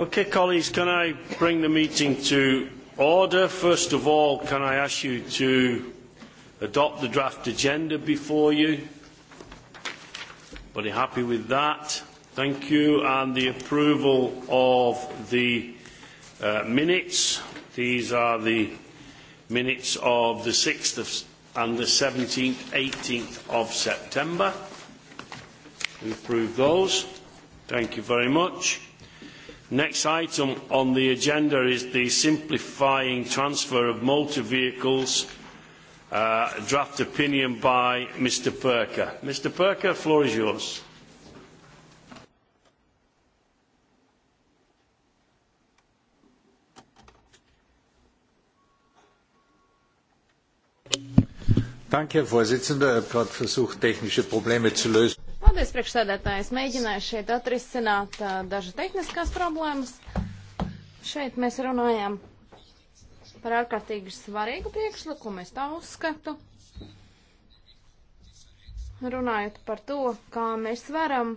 Okay, colleagues, can I bring the meeting to order? First of all, can I ask you to adopt the draft agenda before you? Everybody happy with that? Thank you. And the approval of the uh, minutes. These are the minutes of the 6th of, and the 17th, 18th of September. We approve those. Thank you very much. Next item on the agenda is the simplifying transfer of motor vehicles uh, draft opinion by Mr Perker. Mr Perker, floor is yours. Danke, herr präsident! ich er habe gerade versucht technische probleme zu lösen. Paldies, priekšsēdētājs. Mēģināju šeit atrisināt uh, dažas tehniskās problēmas. Šeit mēs runājam par ārkārtīgi svarīgu priekšlikumu, es tā uzskatu. Runājot par to, kā mēs varam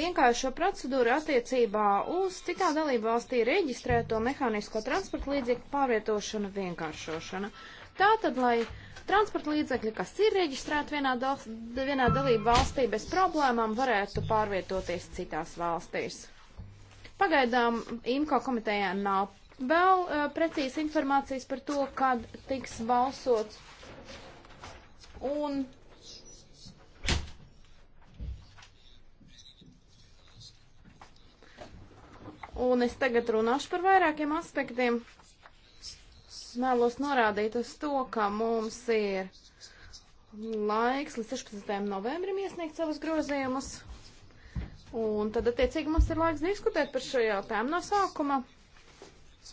vienkāršo procedūru attiecībā uz tikā dalību valstī reģistrēto mehānisko transporta līdzekļu pārvietošanu vienkāršošanu. Uh, Tā tad, lai transporta līdzekļi, kas ir reģistrēti vienā, dal, vienā dalību valstī, bez problēmām varētu pārvietoties citās valstīs. Pagaidām IMCO komitejā nav vēl uh, precīzi informācijas par to, kad tiks balsots. Un Un es tagad runāšu par vairākiem aspektiem vēlos norādīt uz to, ka mums ir laiks līdz 16. novembrim iesniegt savus grozījumus. Un tad, attiecīgi, mums ir laiks diskutēt par šo jautājumu no sākuma.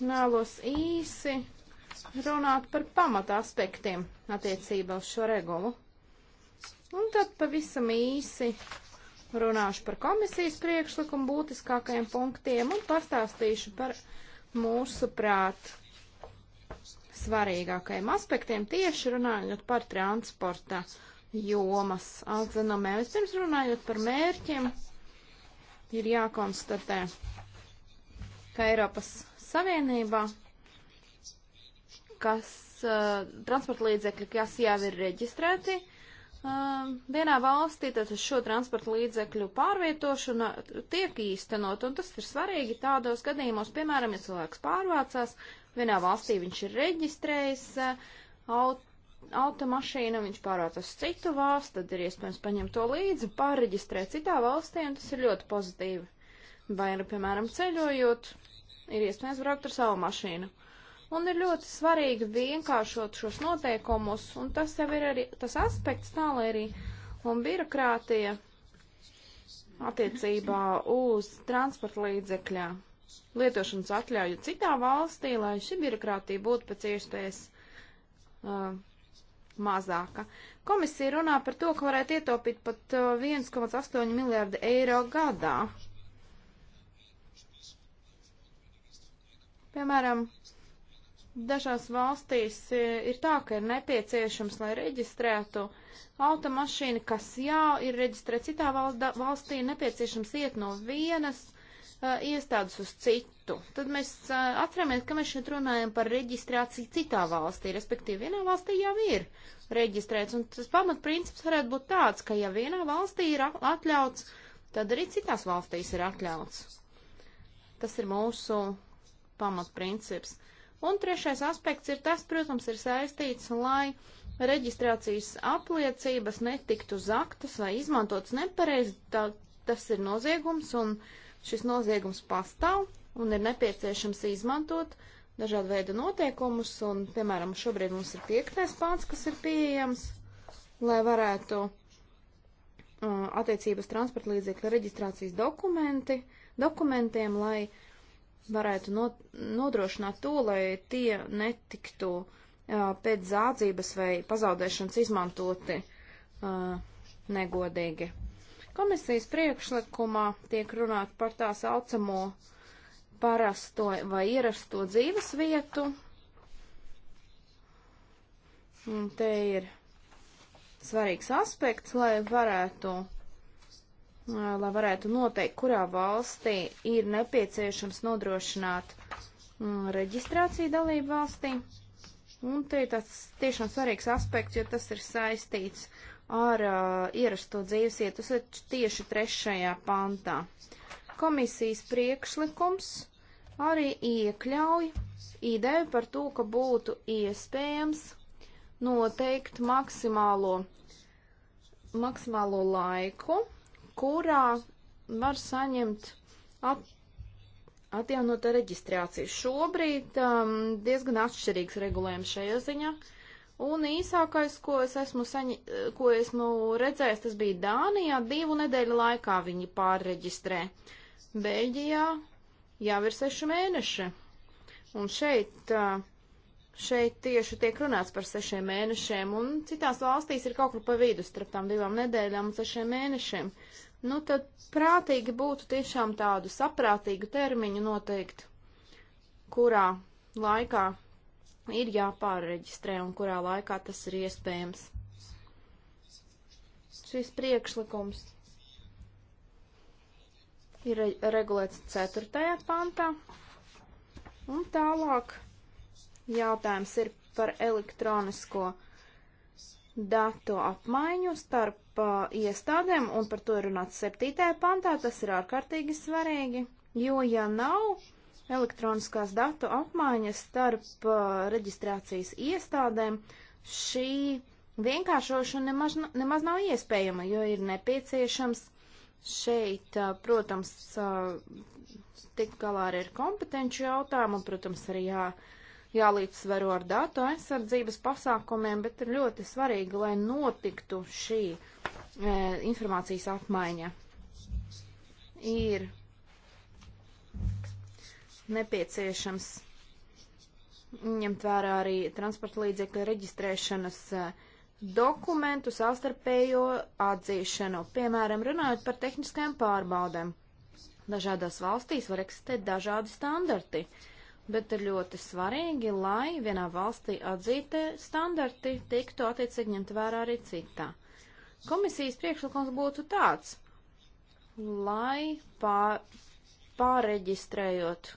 Vēlos īsi runāt par pamata aspektiem attiecībā uz šo regulu. Un tad pavisam īsi runāšu par komisijas priekšlikumu būtiskākajiem punktiem un pastāstīšu par mūsu prāt svarīgākajiem aspektiem tieši runājot par transporta jomas atzinumiem. Vispirms runājot par mērķiem, ir jākonstatē, ka Eiropas Savienībā, kas uh, transporta līdzekļi, kas jau ir reģistrēti, uh, vienā valstī tātad šo transporta līdzekļu pārvietošana tiek īstenot, un tas ir svarīgi tādos gadījumos, piemēram, ja cilvēks pārvācās Vienā valstī viņš ir reģistrējis uh, aut automašīnu, viņš pārvāc uz citu valstu, tad ir iespējams paņemt to līdzi, pārreģistrēt citā valstī, un tas ir ļoti pozitīvi. Vai, nu, piemēram, ceļojot, ir iespējams braukt ar savu mašīnu. Un ir ļoti svarīgi vienkāršot šos noteikumus, un tas jau ir arī tas aspekts tā, lai arī un birokrātija attiecībā uz transporta līdzekļā lietošanas atļauju citā valstī, lai šī birokrātija būtu pēc iespējas uh, mazāka. Komisija runā par to, ka varētu ietaupīt pat 1,8 uh, miljārdu eiro gadā. Piemēram, dažās valstīs uh, ir tā, ka ir nepieciešams, lai reģistrētu automašīnu, kas jau ir reģistrēta citā valstī, nepieciešams iet no vienas Eh, iestādus uz citu, tad mēs eh, atceramies, ka mēs šeit runājam par reģistrāciju citā valstī, respektīvi vienā valstī jau ir reģistrēts, un tas pamatprincips varētu būt tāds, ka ja vienā valstī ir atļauts, tad arī citās valstīs ir atļauts. Tas ir mūsu pamatprincips. Un trešais aspekts ir tas, protams, ir saistīts, lai reģistrācijas apliecības netiktu zaktas vai izmantotas nepareizi, tā, tas ir noziegums un uh, šis noziegums pastāv un ir nepieciešams izmantot dažādu veidu noteikumus, un, piemēram, šobrīd mums ir piektais pāns, kas ir pieejams, lai varētu uh, attiecības transporta līdzekļa reģistrācijas dokumenti, dokumentiem, lai varētu not, nodrošināt to, lai tie netiktu uh, pēc zādzības vai pazaudēšanas izmantoti uh, negodīgi. Komisijas priekšlikumā tiek runāt par tā saucamo parasto vai ierasto dzīves vietu. Un te ir svarīgs aspekts, lai varētu, lai varētu noteikt, kurā valstī ir nepieciešams nodrošināt reģistrāciju dalību valstī. Un te ir tāds tiešām svarīgs aspekts, jo tas ir saistīts ar uh, ierasto dzīvesietu tieši trešajā pantā. Komisijas priekšlikums arī iekļauj ideju par to, ka būtu iespējams noteikt maksimālo, maksimālo laiku, kurā var saņemt at, atjaunotā reģistrācija. Šobrīd um, diezgan atšķirīgs regulējums šajā ziņā. Uh, Un īsākais, ko es esmu, saņi, ko esmu redzējis, tas bija Dānijā. Divu nedēļu laikā viņi pārreģistrē. Beļģijā jau ir seši mēneši. Un šeit, šeit tieši tiek runāts par sešiem mēnešiem. Un citās valstīs ir kaut kur pa vidu starp tām divām nedēļām un sešiem mēnešiem. Nu, tad prātīgi būtu tiešām tādu saprātīgu termiņu noteikt, kurā laikā ir jāpārreģistrē un kurā laikā tas ir iespējams. Šis priekšlikums ir regulēts 4. pantā. Un tālāk jautājums ir par elektronisko datu apmaiņu starp uh, iestādēm, un par to ir runāts 7. pantā. Tas ir ārkārtīgi svarīgi, jo ja nav elektroniskās datu apmaiņas starp uh, reģistrācijas iestādēm, šī vienkāršošana nemaz, nemaz nav iespējama, jo ir nepieciešams šeit, uh, protams, uh, tikt galā arī ar kompetenci jautājumu, protams, arī jā, jālīdzsvero ar datu aizsardzības pasākumiem, bet ir ļoti svarīgi, lai notiktu šī uh, informācijas apmaiņa. Ir nepieciešams ņemt vērā arī transporta līdzekļa reģistrēšanas eh, dokumentu savstarpējo atzīšanu, piemēram, runājot par tehniskajām pārbaudēm. Dažādās valstīs var eksistēt dažādi standarti, bet ir ļoti svarīgi, lai vienā valstī atzītie standarti tiktu attiecīgi ņemt vērā arī citā. Komisijas priekšlikums būtu tāds, lai pār, pārreģistrējot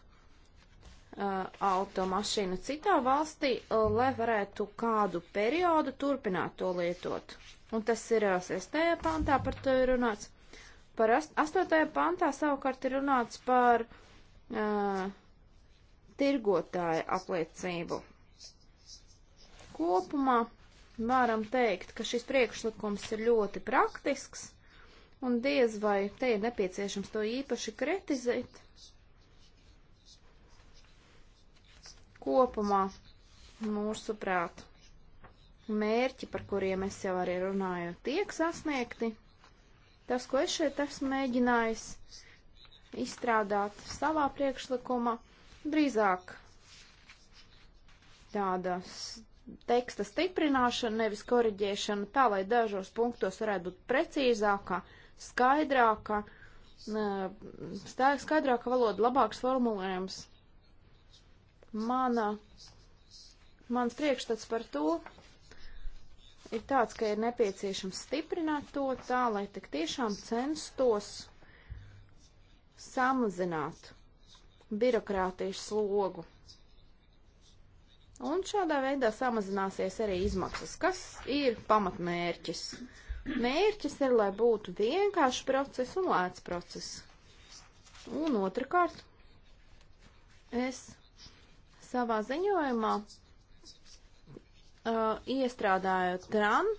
Uh, automašīnu citā valstī, uh, lai varētu kādu periodu turpināt to lietot. Un tas ir 6. Uh, pantā par to ir runāts. Par 8. pantā savukārt ir runāts par uh, tirgotāja apliecību. Kopumā varam teikt, ka šis priekšlikums ir ļoti praktisks, un diez vai te ir nepieciešams to īpaši kritizēt, kopumā mūsuprāt mērķi, par kuriem es jau arī runāju, tiek sasniegti. Tas, ko es šeit esmu mēģinājis izstrādāt savā priekšlikumā, drīzāk tādas teksta stiprināšana, nevis koriģēšana, tā lai dažos punktos varētu būt precīzākā, skaidrākā, skaidrāka valoda, labāks formulējums. Mana, mans priekšstats par to ir tāds, ka ir nepieciešams stiprināt to tā, lai tik tiešām censtos samazināt birokrātiešu slogu. Un šādā veidā samazināsies arī izmaksas, kas ir pamatmērķis. Mērķis ir, lai būtu vienkārši process un lēts process. Un otrkārt, es Savā ziņojumā uh, iestrādāju TRAN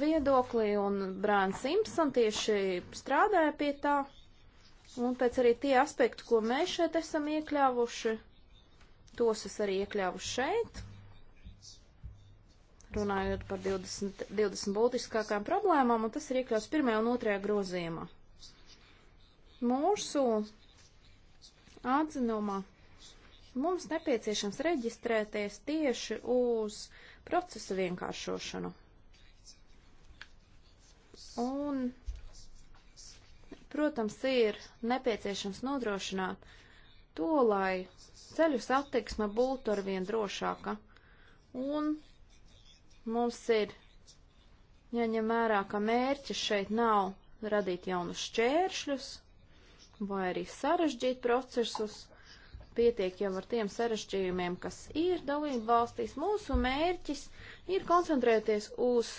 viedokli un Brāns Simpson tieši strādāja pie tā. Un pēc arī tie aspekti, ko mēs šeit esam iekļāvuši, tos es arī iekļāvu šeit. Runājot par 20, 20 būtiskākām problēmām, un tas ir iekļauts pirmajā un otrajā grozījumā. Mūsu atzinumā Mums nepieciešams reģistrēties tieši uz procesu vienkāršošanu. Un, protams, ir nepieciešams nodrošināt to, lai ceļu satiksme būtu arvien drošāka. Un mums ir jāņem ja vērā, ka mērķis šeit nav radīt jaunus šķēršļus vai arī sarežģīt procesus, pietiek jau ar tiem sarešķījumiem, kas ir dalību valstīs. Mūsu mērķis ir koncentrēties uz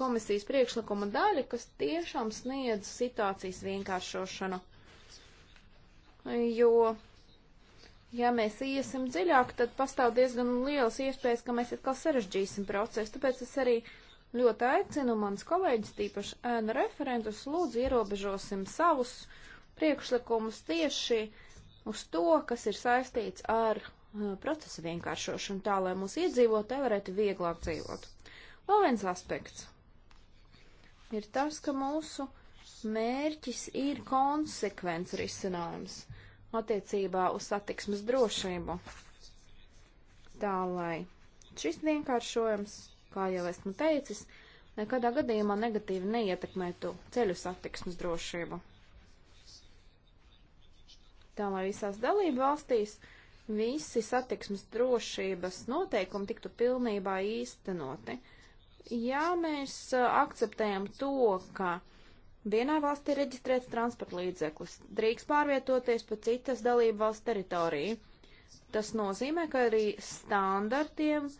komisijas priekšlikuma daļu, kas tiešām sniedz situācijas vienkāršošanu. Jo, ja mēs iesim dziļāk, tad pastāv diezgan liels iespējas, ka mēs atkal sarežģīsim procesu. Tāpēc es arī ļoti aicinu manus kolēģus, tīpaši ēna referentus, lūdzu ierobežosim savus priekšlikumus tieši uh, uz to, kas ir saistīts ar uh, procesa vienkāršošanu, tā lai mūsu iedzīvotāji varētu vieglāk dzīvot. Vēl viens aspekts ir tas, ka mūsu mērķis ir konsekvents risinājums attiecībā uz satiksmes drošību. Tā lai šis vienkāršojums, kā jau esmu teicis, nekādā gadījumā negatīvi neietekmētu ceļu satiksmes drošību tā lai visās dalība valstīs visi satiksmes drošības noteikumi tiktu pilnībā īstenoti. Ja mēs akceptējam to, ka vienā valstī ir reģistrēts transporta līdzeklis, drīkst pārvietoties pa citas dalību valsts teritoriju, tas nozīmē, ka arī standartiem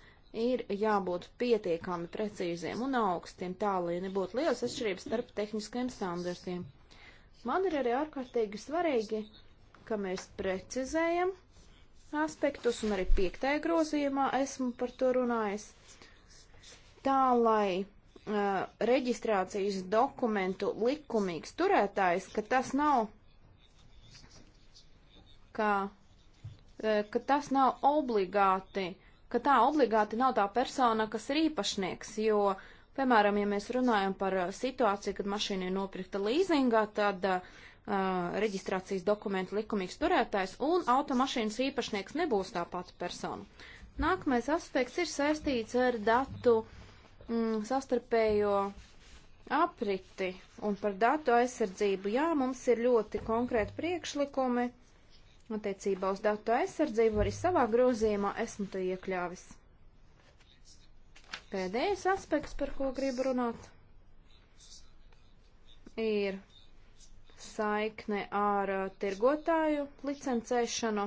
ir jābūt pietiekami precīziem un augstiem, tā lai nebūtu liels atšķirības starp tehniskajiem standartiem. Man ir arī ārkārtīgi svarīgi ka mēs precizējam aspektus, un arī piektajā grozījumā esmu par to runājis, tā lai uh, reģistrācijas dokumentu likumīgs turētājs, ka tas nav, ka, uh, ka tas nav obligāti, ka tā obligāti nav tā persona, kas ir īpašnieks, jo uh, Piemēram, ja mēs runājam par uh, situāciju, kad mašīna ir nopirkta līzingā, tad uh, uh, reģistrācijas dokumentu likumīgs turētājs un automašīnas īpašnieks nebūs tā pati persona. Nākamais aspekts ir saistīts ar datu mm, sastarpējo apriti un par datu aizsardzību. Jā, mums ir ļoti konkrēti priekšlikumi attiecībā uz datu aizsardzību, arī savā grozījumā esmu to iekļāvis. Pēdējais aspekts, par ko gribu runāt, ir saikne ar uh, tirgotāju licencēšanu.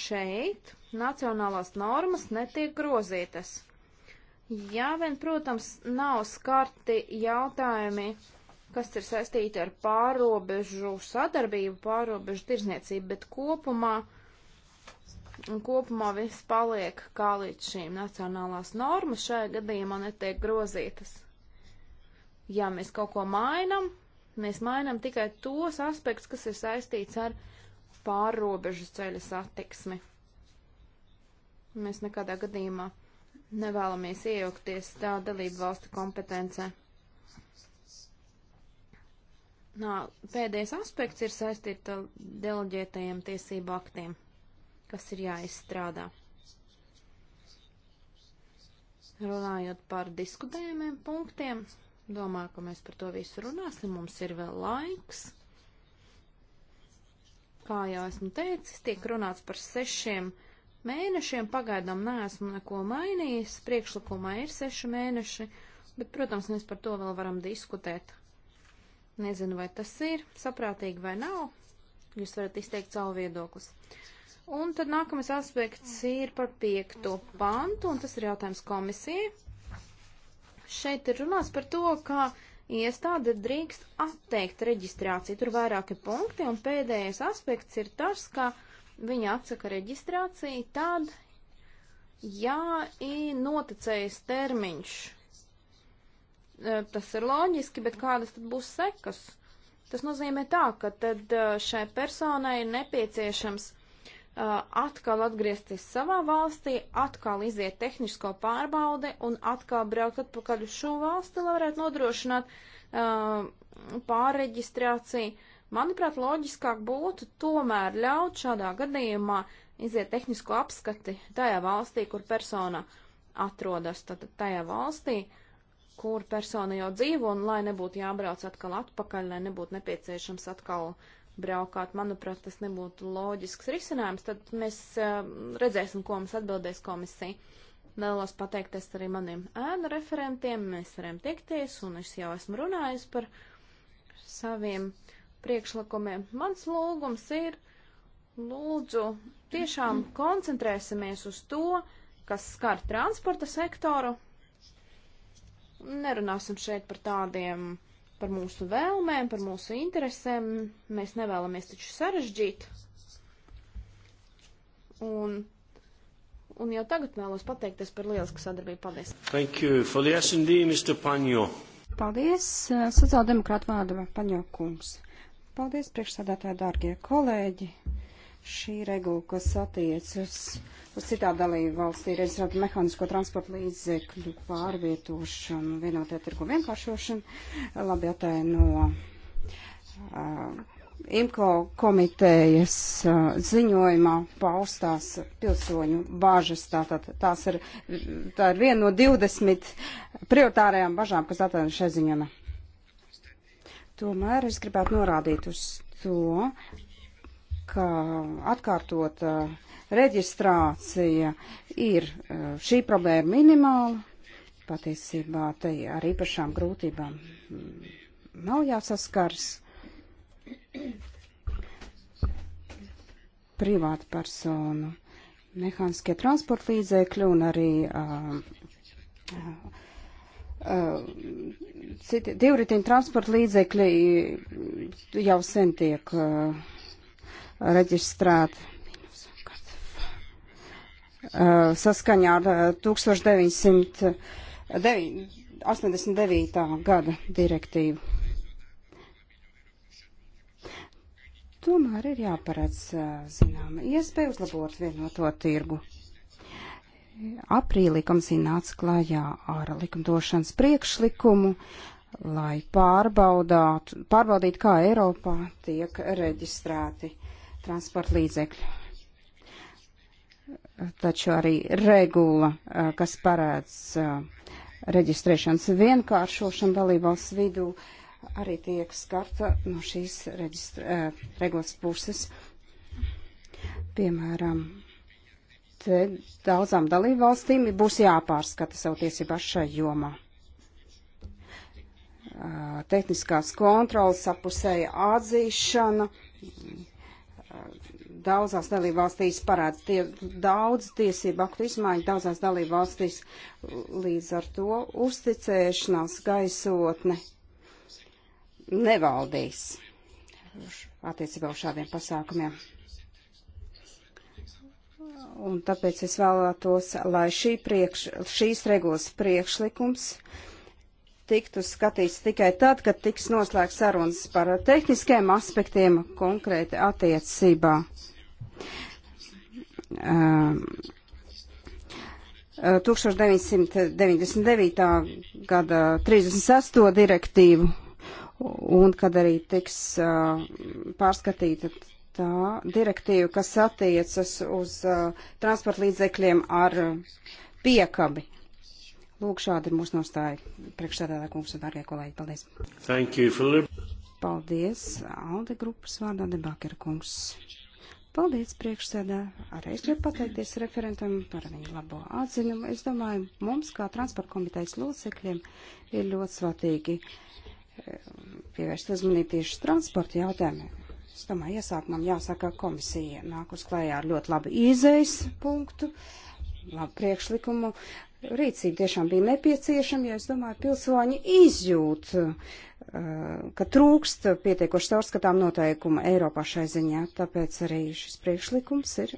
Šeit nacionālās normas netiek grozītas. Jā, vien, protams, nav skarti jautājumi, kas ir saistīti ar pārobežu sadarbību, pārobežu tirzniecību, bet kopumā, kopumā viss paliek kā līdz šīm nacionālās normas šajā gadījumā netiek grozītas. Ja mēs kaut ko mainam, Mēs mainām tikai tos aspektus, kas ir saistīts ar pārrobežu ceļa satiksmi. Mēs nekādā gadījumā nevēlamies iejaukties tā dalību valstu kompetencē. Nā, pēdējais aspekts ir saistīts ar deleģētajiem tiesību aktiem, kas ir jāizstrādā. Runājot par diskutējumiem punktiem, Domāju, ka mēs par to visu runāsim. Mums ir vēl laiks. Kā jau esmu teicis, tiek runāts par sešiem mēnešiem. Pagaidām neesmu neko mainījis. Priekšlikumā ir seši mēneši, bet, protams, mēs par to vēl varam diskutēt. Nezinu, vai tas ir saprātīgi vai nav. Jūs varat izteikt savu viedoklis. Un tad nākamais aspekts ir par piekto pantu, un tas ir jautājums komisijai. Šeit ir runāts par to, ka iestāde drīkst atteikt reģistrāciju. Tur vairāki punkti, un pēdējais aspekts ir tas, ka viņa atsaka reģistrāciju tad, ja ir noticējis termiņš. E, tas ir loģiski, bet kādas tad būs sekas? Tas nozīmē tā, ka tad e, šai personai ir nepieciešams Eh, atkal atgriezties savā valstī, atkal iziet tehnisko pārbaudi un atkal braukt atpakaļ uz šo valsti, lai varētu nodrošināt uh, pārreģistrāciju. Manuprāt, loģiskāk būtu tomēr ļaut šādā gadījumā iziet tehnisko apskati tajā valstī, kur persona atrodas, tad tajā valstī, kur persona jau dzīvo, un lai nebūtu jābrauc atkal atpakaļ, lai nebūtu nepieciešams atkal uh, braukāt. Manuprāt, tas nebūtu loģisks risinājums. Tad mēs uh, redzēsim, ko mums atbildēs komisija. Vēlos pateikties arī maniem ēnu referentiem. Mēs varam tikties, un es jau esmu runājis par saviem priekšlikumiem. Mans lūgums ir, lūdzu, tiešām koncentrēsimies uz to, kas skar transporta sektoru. Nerunāsim šeit par tādiem par mūsu vēlmēm, par mūsu interesēm. Mēs nevēlamies taču sarežģīt. Un, un jau tagad vēlos pateikties par lielisku sadarbību. Paldies! Thank you for the S&D, Mr. Paņo. Paldies, eh, sociāldemokrāta vārda Paņo kungs. Paldies, priekšsādātāji, dārgie kolēģi. Šī regula, kas attiecas uz citām dalību valstī reģistrētu mehānisko transportu līdzekļu pārvietošanu, vienotie tirgu vienkāršošanu, labi ataino uh, IMCO komitejas uh, ziņojumā paustās pilsoņu bāžas. Tātad tās ir, tā ir viena no 20 prioritārajām bažām, kas atrada šajā ziņojumā. Tomēr es gribētu norādīt uz to, ka atkārtot reģistrācija ir e, šī problēma minimāla, patiesībā te ar īpašām grūtībām mm, nav jāsaskars. Privāta personu mehāniskie transporta līdzēkļi un arī uh, uh, uh, citi divritīni transporta līdzekļi jau sen tiek uh, reģistrēti uh, saskaņā ar 1989. Uh, gada direktīvu. Tomēr ir jāparedz, uh, zinām, iespēja uzlabot vienoto tirgu. Aprīlī komisija nāca klājā ar likumdošanas priekšlikumu, lai pārbaudītu, kā Eiropā tiek reģistrēti uh, transporta līdzekļu. Taču arī regula, kas parāds reģistrēšanas vienkāršošanu dalībvalsts vidū, arī tiek skarta no šīs reģistra, regulas puses. Piemēram, te daudzām dalībvalstīm būs jāpārskata savu tiesību šai jomā. Tehniskās kontrolas, sapusēja atzīšana, daudzās dalībvalstīs parāds. Tie daudz tiesību aktu izmaiņu daudzās dalībvalstīs līdz ar to uzticēšanās gaisotne nevaldīs attiecībā uz šādiem pasākumiem. Un tāpēc es vēlētos, lai šī priekš, šīs regulas priekšlikums uh, tiktu skatīts tikai tad, kad tiks noslēgts sarunas par tehniskiem aspektiem konkrēti attiecībā. Um, 1999. Uh, gada 36. direktīvu un kad arī tiks uh, pārskatīta tā direktīva, kas attiecas uz uh, transportlīdzekļiem ar uh, piekabi. Lūk, šādi ir mūsu nostāja. Priekšsēdētāja kungs un dārgie kolēģi, paldies. Thank you, Philip. Paldies, Alde grupas vārdā debakera kungs. Paldies, priekšsēdā. Arī es gribu pateikties referentam par viņu labo atziņumu. Es domāju, mums, kā transporta komitejas locekļiem, ir ļoti svarīgi eh, pievērst uzmanību tieši transporta jautājumiem. Es domāju, iesākumam jāsaka, komisija nāk uz klējā ar ļoti labu izējas punktu, labu priekšlikumu rīcība tiešām bija nepieciešama, jo es domāju, pilsoņi izjūt, uh, ka trūkst pietiekoši caurskatām noteikuma Eiropā šai ziņā. Tāpēc arī šis priekšlikums ir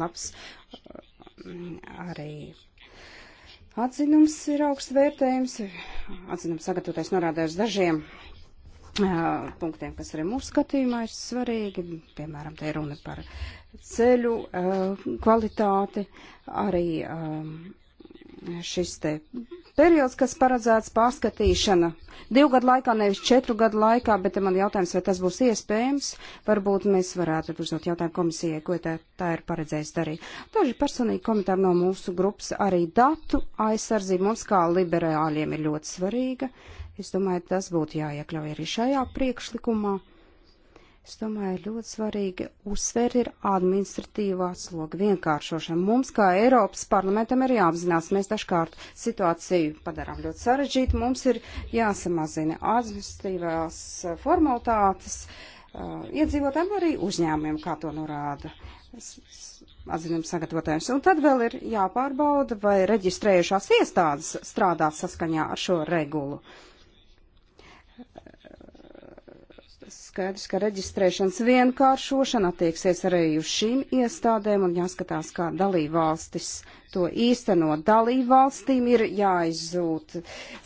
labs. Uh, arī atzinums ir augsts vērtējums. Atzinums sagatavotais norādēs dažiem uh, punktiem, kas arī mūsu skatījumā ir svarīgi. Piemēram, te ir runa par ceļu kvalitāti, arī um, šis te periods, kas paredzēts pārskatīšana divu gadu laikā, nevis četru gadu laikā, bet man jautājums, vai tas būs iespējams, varbūt mēs varētu uzdot jautājumu komisijai, ko tā, tā ir paredzējis darīt. Daži personīgi komentāri no mūsu grupas arī datu aizsardzība mums kā liberāļiem ir ļoti svarīga. Es domāju, tas būtu jāiekļauj arī šajā priekšlikumā es domāju, ļoti svarīgi uzsvērt ir administratīvā sloga vienkāršošana. Mums, kā Eiropas parlamentam, ir jāapzinās, mēs dažkārt situāciju padarām ļoti sarežģītu, mums ir jāsamazina administratīvās formalitātes eh, iedzīvotājiem, arī uzņēmumiem, kā to norāda atzinumu sagatavotājiem. Un tad vēl ir jāpārbauda, vai reģistrējušās iestādes strādā saskaņā ar šo regulu. Uh, Skaidrs, ka reģistrēšanas vienkāršošana attieksies arī uz šīm iestādēm un jāskatās, kā dalībvalstis to īsteno. Dalībvalstīm ir jāizzūt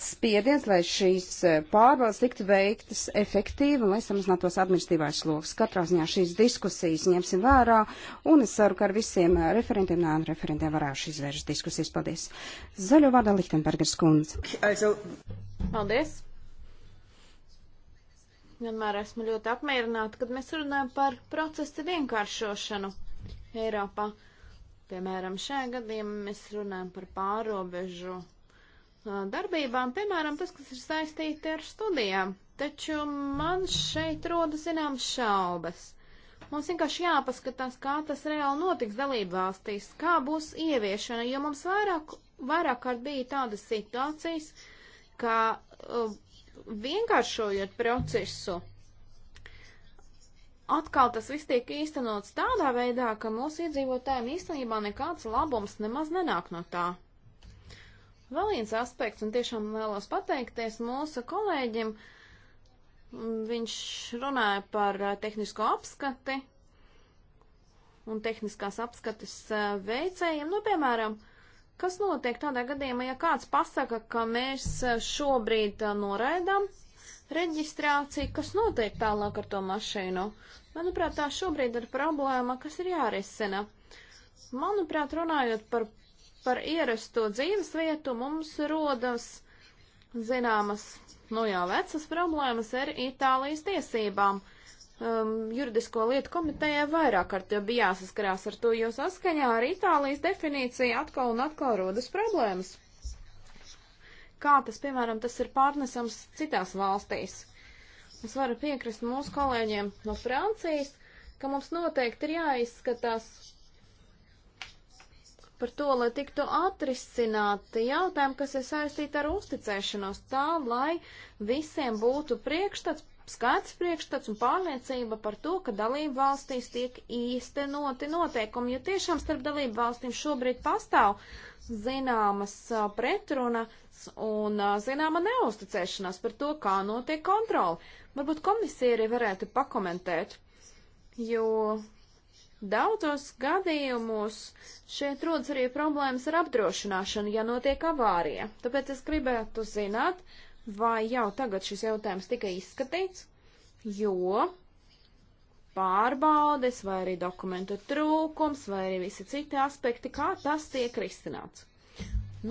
spiediens, lai šīs eh, pārvaldes tiktu veiktas efektīvi un lai samazinātos administratīvais sloks. Katrā ziņā šīs diskusijas ņemsim vērā un es ceru, ka ar visiem eh, referentiem, nē, referentiem varēšu izvērst diskusijas. Paldies. Zaļo vārdā Lichtenbergers kundze. Paldies. Vienmēr esmu ļoti apmierināta, kad mēs runājam par procesa vienkāršošanu Eiropā. Piemēram, šajā gadījumā mēs runājam par pārobežu darbībām, piemēram, tas, kas ir saistīti ar studijām. Taču man šeit rodas zināmas šaubas. Mums vienkārši jāpaskatās, kā tas reāli notiks dalību valstīs, kā būs ieviešana, jo mums vairāk, vairāk kārt bija tādas situācijas, ka uh, vienkāršojot procesu, atkal tas viss tiek īstenots tādā veidā, ka mūsu iedzīvotājiem īstenībā nekāds labums nemaz nenāk no tā. Vēl viens aspekts, un tiešām vēlos pateikties mūsu kolēģim, viņš runāja par eh, tehnisko apskati un tehniskās apskates eh, veicējiem, nu, piemēram, uh, Kas notiek tādā gadījumā, ja kāds pasaka, ka mēs šobrīd uh, noraidām reģistrāciju, kas notiek tālāk ar to mašīnu? Manuprāt, tā šobrīd ir problēma, kas ir jārisina. Manuprāt, runājot par, par ierasto dzīvesvietu, mums rodas zināmas, nu jau vecas problēmas ar Itālijas tiesībām um, juridisko lietu komitejā vairāk kārt jau bija jāsaskarās ar to, jo saskaņā ar Itālijas definīciju atkal un atkal rodas problēmas. Kā tas, piemēram, tas ir pārnesams citās valstīs? Es varu piekrist mūsu kolēģiem no Francijas, ka mums noteikti ir jāizskatās par to, lai tiktu atrisināti jautājumi, kas ir saistīti ar uzticēšanos, tā lai visiem būtu priekšstats skaidrs priekšstats un pārliecība par to, ka dalību valstīs tiek īstenoti noteikumi, jo tiešām starp dalību valstīm šobrīd pastāv zināmas pretrunas un zināma neusticēšanās par to, kā notiek kontroli. Varbūt komisija arī varētu pakomentēt, jo daudzos gadījumos šeit rodas arī problēmas ar apdrošināšanu, ja notiek avārija. Tāpēc es gribētu zināt, uh, vai jau tagad šis jautājums tika izskatīts, jo pārbaudes, vai arī dokumentu trūkums, vai arī visi citi aspekti, kā tas tiek risināts.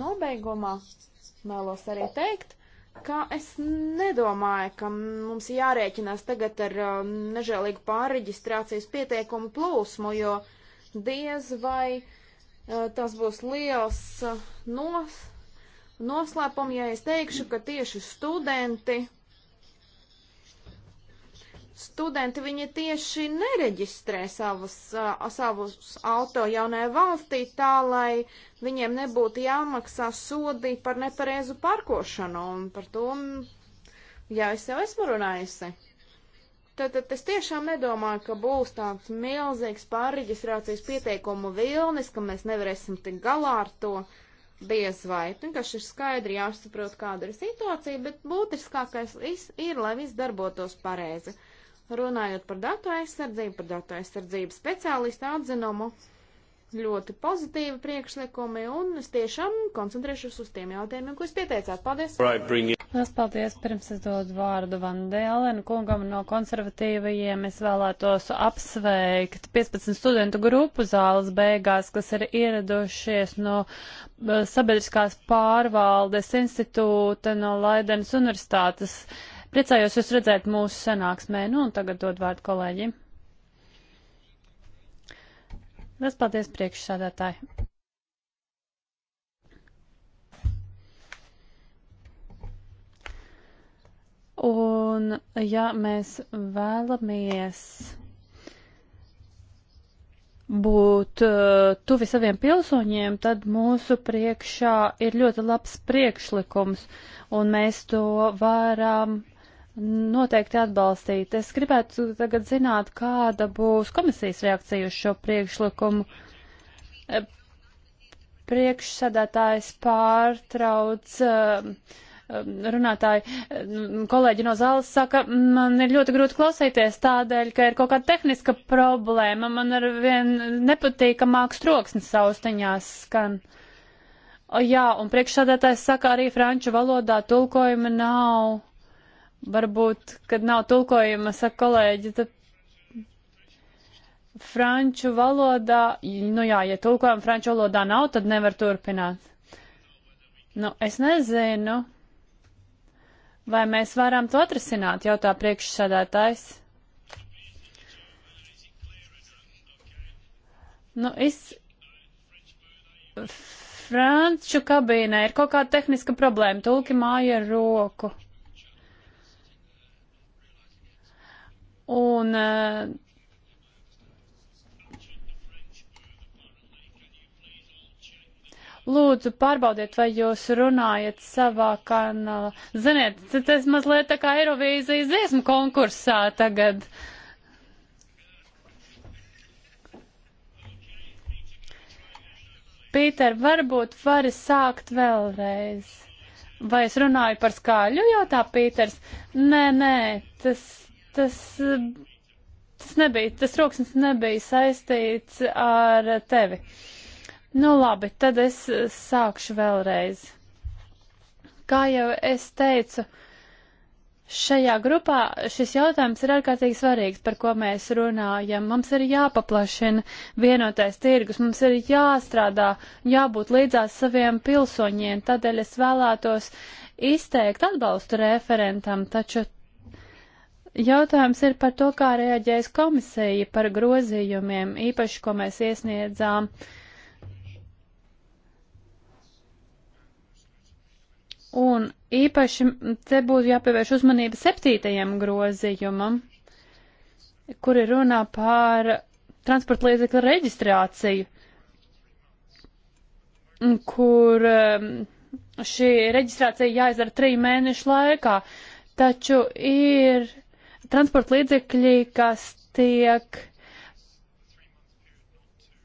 Nobeigumā vēlos arī teikt, ka es nedomāju, ka mums jārēķinās tagad ar uh, nežēlīgu pārreģistrācijas pieteikumu plūsmu, jo diez vai uh, tas būs liels uh, nos noslēpumu, ja es teikšu, ka tieši studenti, studenti viņi tieši nereģistrē savus, savus auto jaunajā valstī tā, lai viņiem nebūtu jāmaksā sodi par nepareizu parkošanu un par to, jā, es jau esmu runājusi. Tad, tad es tiešām nedomāju, ka būs tāds milzīgs pārreģistrācijas pieteikumu vilnis, ka mēs nevarēsim tikt galā ar to. Uh, bija zvaigžņu, ka ir skaidri jāsaprot, kāda ir situācija, bet būtiskākais ir, lai viss darbotos pareizi. Runājot par datu aizsardzību, par datu aizsardzību speciālistu atzinumu, ļoti pozitīvi priekšlikumi, un es tiešām koncentrēšos uz tiem jautājumiem, ko jūs pieteicāt. Paldies! Lielas paldies! Pirms es dodu vārdu Vandēlēnu kungam no konservatīvajiem, es vēlētos apsveikt 15 studentu grupu zāles beigās, kas ir ieradušies no Eh, sabiedriskās pārvaldes institūta no Laidenas universitātes. Priecājos jūs redzēt mūsu sanāksmē, nu un tagad dod vārdu kolēģim. Liels paldies priekšsādātāji. Un ja mēs vēlamies būt uh, tuvi saviem pilsoņiem, tad mūsu priekšā ir ļoti labs priekšlikums, un mēs to varam noteikti atbalstīt. Es gribētu tagad zināt, kāda būs komisijas reakcija uz šo priekšlikumu. Eh, priekšsēdētājs pārtrauc uh, Ehm, runātāji, ehm, kolēģi no zāles saka, man ir ļoti grūti klausīties tādēļ, ka ir kaut kāda tehniska problēma, man ar vien nepatīkamāk stroksnis austiņās skan. O, jā, un priekšsādātājs saka, arī franču valodā tulkojuma nav. Varbūt, kad nav tulkojuma, saka kolēģi, tad franču valodā, nu jā, ja tulkojuma franču valodā nav, tad nevar turpināt. Nu, es nezinu, Vai mēs varam to atrisināt, jautā priekšsādātājs? Nu, es... Franču kabīnē ir kaut kāda tehniska problēma. Tulki māja ar roku. Lūdzu, pārbaudiet, vai jūs runājat savā kanālā. Ziniet, tas mazliet tā kā Eirovīzijas dziesmu konkursā tagad. Pīter, varbūt vari sākt vēlreiz. Vai es runāju par skaļu, jautā Pīters? Nē, nē, tas, tas, tas nebija, tas roksnis nebija saistīts ar tevi. Uh, Nu labi, tad es eh, sākšu vēlreiz. Kā jau es teicu, šajā grupā šis jautājums ir ārkārtīgi svarīgs, par ko mēs runājam. Mums ir jāpaplašina vienotais tirgus, mums ir jāstrādā, jābūt līdzās saviem pilsoņiem, tādēļ es vēlētos izteikt atbalstu referentam, taču Jautājums ir par to, kā reaģēs komisija par grozījumiem, īpaši, ko mēs iesniedzām uh, Un īpaši te būtu jāpievērš uzmanība septītajam grozījumam, kur ir runā par transporta līdzekļu reģistrāciju, kur um, šī reģistrācija jāizdara triju mēnešu laikā, taču ir transporta līdzekļi, kas tiek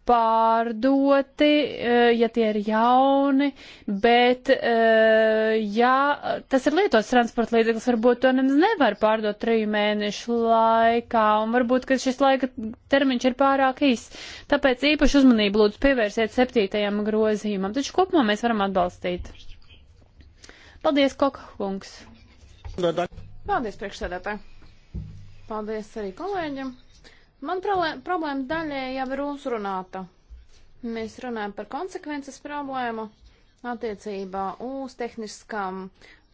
pārdoti, eh, ja tie ir jauni, bet, eh, ja tas ir lietots transporta līdzeklis, varbūt to nemaz nevar pārdot triju mēnešu laikā, un varbūt, ka šis laika termiņš ir pārāk īs. Tāpēc īpaši uzmanību lūdzu pievērsiet septītajam grozījumam, taču kopumā mēs varam atbalstīt. Paldies, Kokahungs! Paldies, priekšsēdētāji! Paldies arī kolēģiem! Man problēma, problēma daļai jau ir uzrunāta. Mēs runājam par konsekvences problēmu attiecībā uz tehniskām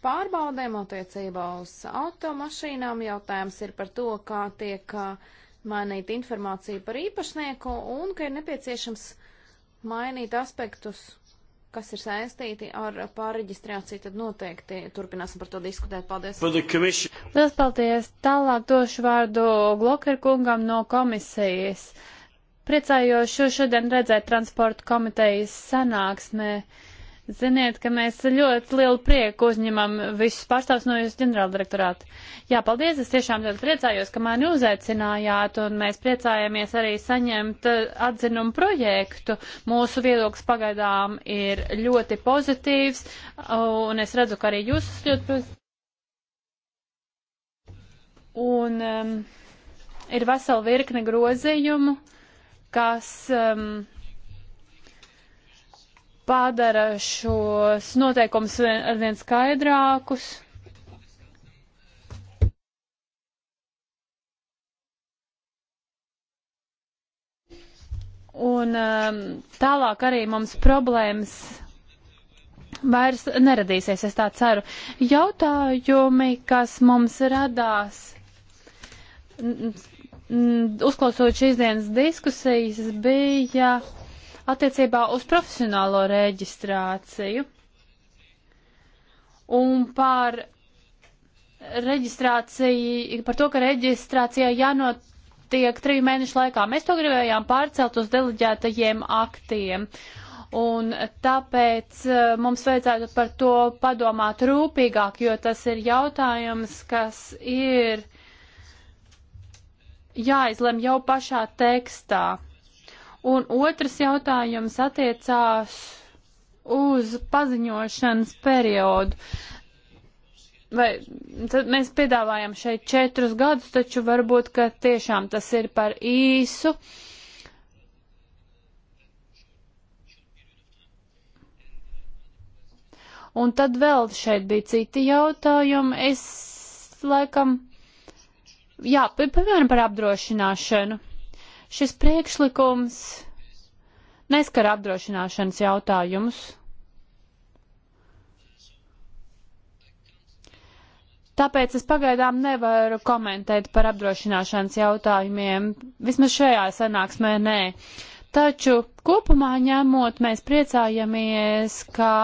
pārbaudēm, attiecībā uz automašīnām. Jautājums ir par to, kā tiek uh, mainīta informācija par īpašnieku un ka ir nepieciešams mainīt aspektus kas ir saistīti ar pārreģistrāciju, tad noteikti turpināsim par to diskutēt. Paldies! Lielas paldies! Tālāk došu vārdu Gloker kungam no komisijas. Priecājos šo šodien redzēt transporta komitejas sanāksmē. Uh, Ziniet, ka mēs ļoti lielu prieku uzņemam visus pārstāvs no jūsu ģenerāldirektorāta. Jā, paldies, es tiešām ļoti priecājos, ka mani uzaicinājāt, un mēs priecājamies arī saņemt eh, atzinumu projektu. Mūsu viedoklis pagaidām ir ļoti pozitīvs, un es redzu, ka arī jūs esat ļoti pozitīvs. Un um, ir vesela virkne grozījumu, kas. Um, padara šos noteikumus arvien skaidrākus. Un um, tālāk arī mums problēmas vairs neradīsies, es tā ceru. Jautājumi, kas mums radās, uzklausot šīs dienas diskusijas, bija attiecībā uz profesionālo reģistrāciju un par reģistrāciju, par to, ka reģistrācijā jānotiek triju mēnešu laikā. Mēs to gribējām pārcelt uz deleģētajiem aktiem. Un tāpēc eh, mums vajadzētu par to padomāt rūpīgāk, jo tas ir jautājums, kas ir jāizlem jau pašā tekstā. Un otrs jautājums attiecās uz paziņošanas periodu. Vai, tad mēs piedāvājam šeit četrus gadus, taču varbūt, ka tiešām tas ir par īsu. Un tad vēl šeit bija citi jautājumi. Es laikam, jā, piemēram par apdrošināšanu. Šis priekšlikums neskar apdrošināšanas jautājumus. Tāpēc es pagaidām nevaru komentēt par apdrošināšanas jautājumiem, vismaz šajā sanāksmē nē. Taču kopumā ņemot, mēs priecājamies, ka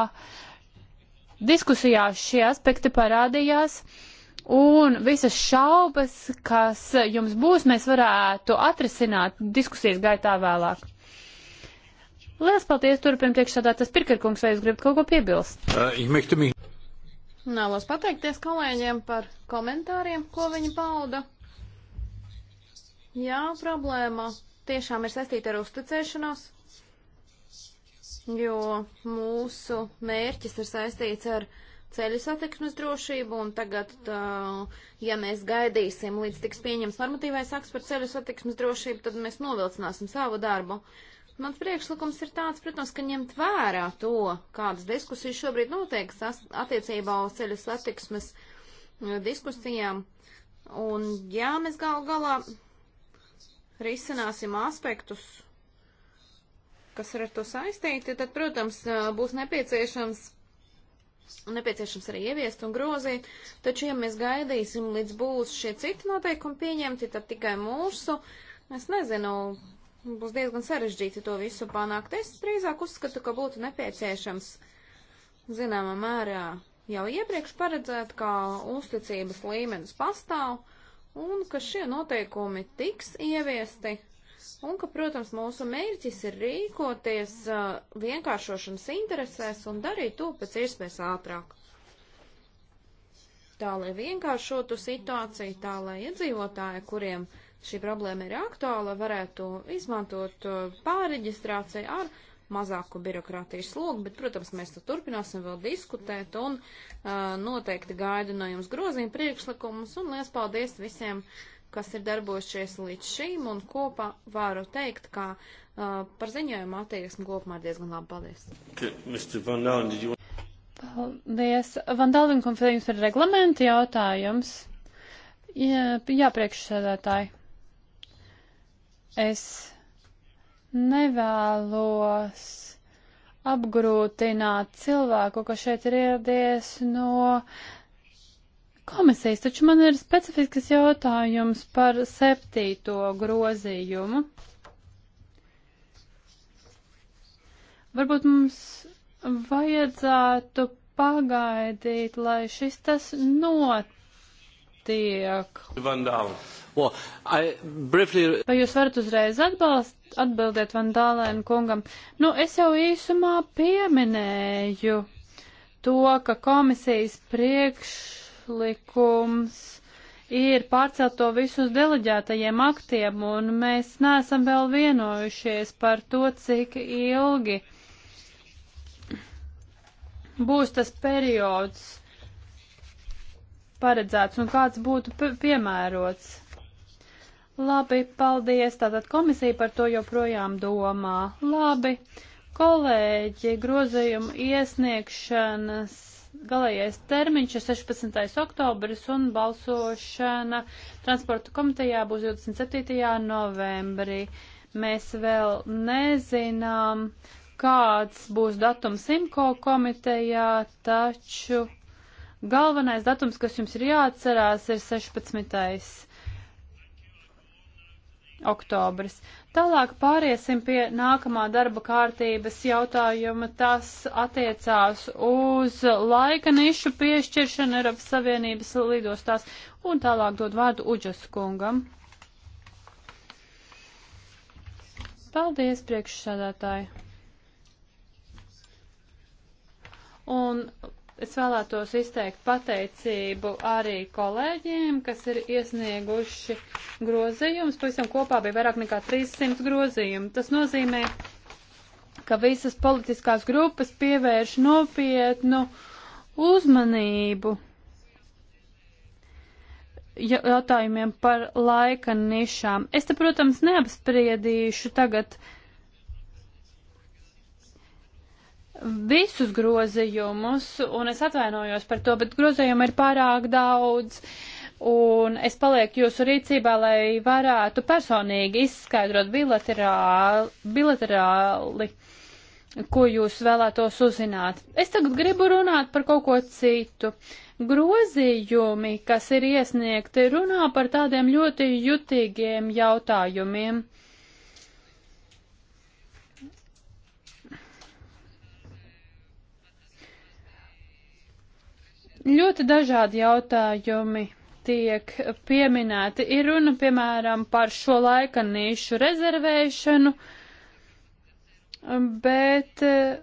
diskusijās šie aspekti parādījās. Uh, Un visas šaubas, kas jums būs, mēs varētu atrisināt diskusijas gaitā vēlāk. Lielas paldies, turpin priekšsādā tas Pirkarkungs, vai jūs gribat kaut ko piebilst? Uh, Nālos pateikties kolēģiem par komentāriem, ko viņi pauda. Jā, problēma tiešām ir saistīta ar uzticēšanos, jo mūsu mērķis ir saistīts ar ceļu satiksmes drošību, un tagad, uh, ja mēs gaidīsim, līdz tiks pieņems normatīvais akts par ceļu satiksmes drošību, tad mēs novilcināsim savu darbu. Mans priekšlikums ir tāds, protams, ka ņemt vērā to, kādas diskusijas šobrīd notiek attiecībā uz ceļu satiksmes uh, diskusijām, un jā, mēs gal galā risināsim aspektus, kas ir ar to saistīti, tad, protams, eh, būs nepieciešams nepieciešams arī ieviest un grozīt, taču, ja mēs gaidīsim, līdz būs šie citi noteikumi pieņemti, tad tikai mūsu, es nezinu, būs diezgan sarežģīti to visu panākt. Es drīzāk uzskatu, ka būtu nepieciešams, zināmā mērā, jau iepriekš paredzēt, kā uzticības līmenis pastāv un ka šie noteikumi tiks ieviesti un ka, protams, mūsu mērķis ir rīkoties uh, vienkāršošanas interesēs un darīt to pēc iespējas ātrāk. Tā, lai vienkāršotu situāciju, tā, lai iedzīvotāji, kuriem šī problēma ir aktuāla, varētu izmantot uh, pārreģistrāciju ar mazāku birokrātijas slogu, bet, protams, mēs to turpināsim vēl diskutēt un uh, noteikti gaidu no jums grozījumu priekšlikumus un liels paldies visiem uh, kas ir darbojušies līdz šim, un kopā varu teikt, ka uh, par ziņojumu attieksmi kopumā ir diezgan labi. Paldies! Okay, Van Dalen, you... Paldies! Vandālvin konferējums par reglamentu jautājums. Jā, jā priekšsēdētāji. Es nevēlos apgrūtināt cilvēku, kas šeit ir ieradies no uh, komisijas, taču man ir specifisks jautājums par septīto grozījumu. Varbūt mums vajadzētu pagaidīt, lai šis tas notiek. Well, briefly... Vai jūs varat uzreiz atbalst, atbildēt Vandālēnu kungam? Nu, es jau īsumā pieminēju to, ka komisijas priekš priekšlikums ir pārcelt to visu uz deleģētajiem aktiem, un mēs neesam vēl vienojušies par to, cik ilgi būs tas periods paredzēts un kāds būtu piemērots. Labi, paldies. Tātad komisija par to joprojām domā. Labi, kolēģi, grozījumu iesniegšanas galējais termiņš ir 16. oktobris un balsošana transporta komitejā būs 27. novembrī. Mēs vēl nezinām, kāds būs datums Simko komitejā, taču galvenais datums, kas jums ir jāatcerās, ir 16. oktobris. Tālāk pāriesim pie nākamā darba kārtības jautājuma. Tas attiecās uz laika nišu piešķiršanu Eiropas Savienības lidostās un tālāk dod vārdu Uģas kungam. Paldies, priekšsādātāji. Un Es vēlētos izteikt pateicību arī kolēģiem, kas ir iesnieguši grozījumus. Pavisam kopā bija vairāk nekā 300 grozījumu. Tas nozīmē, ka visas politiskās grupas pievērš nopietnu uzmanību jautājumiem par laika nišām. Es te, protams, neapspriedīšu tagad uh, visus grozījumus, un es atvainojos par to, bet grozījumu ir pārāk daudz. Un es palieku jūsu rīcībā, lai varētu personīgi izskaidrot bilaterāli, bilaterāli ko jūs vēlētos uzzināt. Es tagad gribu runāt par kaut ko citu. Grozījumi, kas ir iesniegti, runā par tādiem ļoti jutīgiem jautājumiem. Ļoti dažādi jautājumi tiek pieminēti. Ir runa, piemēram, par šo laika nīšu rezervēšanu, bet eh,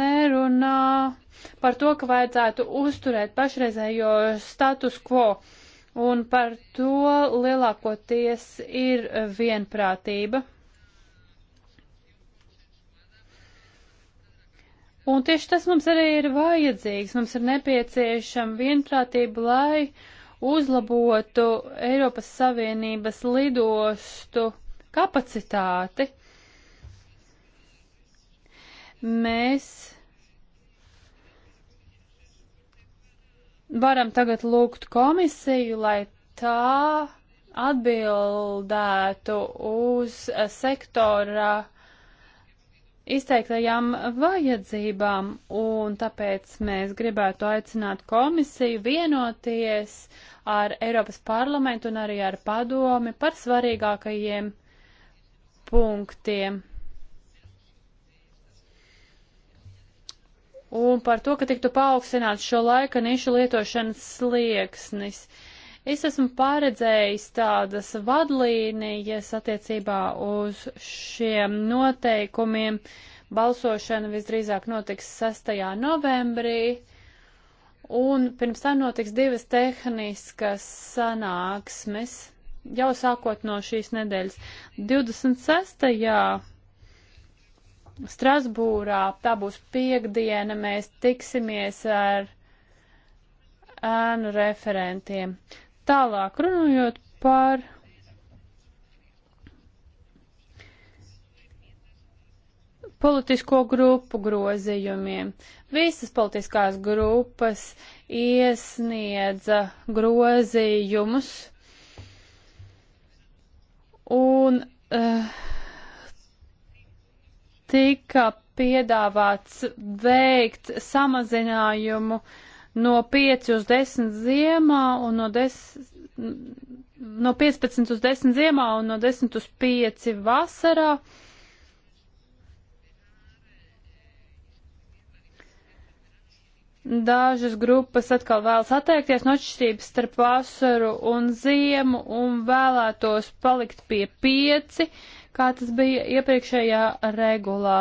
nerunā par to, ka vajadzētu uzturēt pašreizējo status quo. Un par to lielākoties ir vienprātība. Un tieši tas mums arī ir vajadzīgs. Mums ir nepieciešama vienprātība, lai uzlabotu Eiropas Savienības lidostu kapacitāti. Mēs varam tagad lūgt komisiju, lai tā atbildētu uz sektora uh, izteiktajām vajadzībām, un tāpēc mēs gribētu aicināt komisiju vienoties ar Eiropas parlamentu un arī ar padomi par svarīgākajiem punktiem. Un par to, ka tiktu paaugstināts šo laika nišu lietošanas slieksnis. Uh, Es esmu paredzējis tādas vadlīnijas attiecībā uz šiem noteikumiem. Balsošana visdrīzāk notiks 6. novembrī, un pirms tam notiks divas tehniskas sanāksmes, jau sākot no šīs nedēļas. 26. Jā, Strasbūrā, tā būs piekdiena, mēs tiksimies ar ēnu referentiem. Tālāk runājot par politisko grupu grozījumiem. Visas politiskās grupas iesniedza grozījumus un uh, tika piedāvāts veikt samazinājumu uh, no 5 uz 10 ziemā un no 10. No 15 uz 10 ziemā un no 10 uz 5 vasarā. Dažas grupas atkal vēlas atteikties no atšķirības starp vasaru un ziemu un vēlētos palikt pie pieci, kā tas bija iepriekšējā regulā.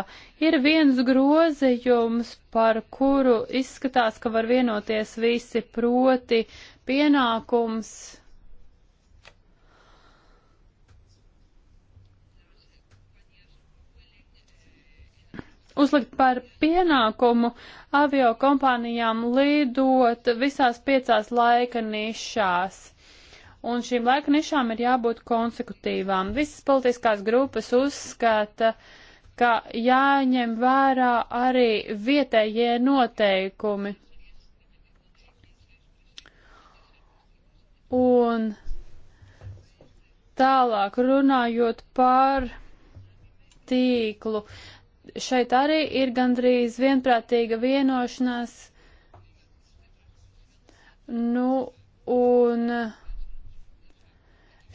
Ir viens grozījums, par kuru izskatās, ka var vienoties visi proti pienākums. Uzlikt par pienākumu avio kompānijām lidot visās piecās laika nišās un šīm laika nišām ir jābūt konsekutīvām. Visas politiskās grupas uzskata, ka jāņem vērā arī vietējie noteikumi. Un tālāk runājot par tīklu, šeit arī ir gandrīz vienprātīga vienošanās. Nu, un uh,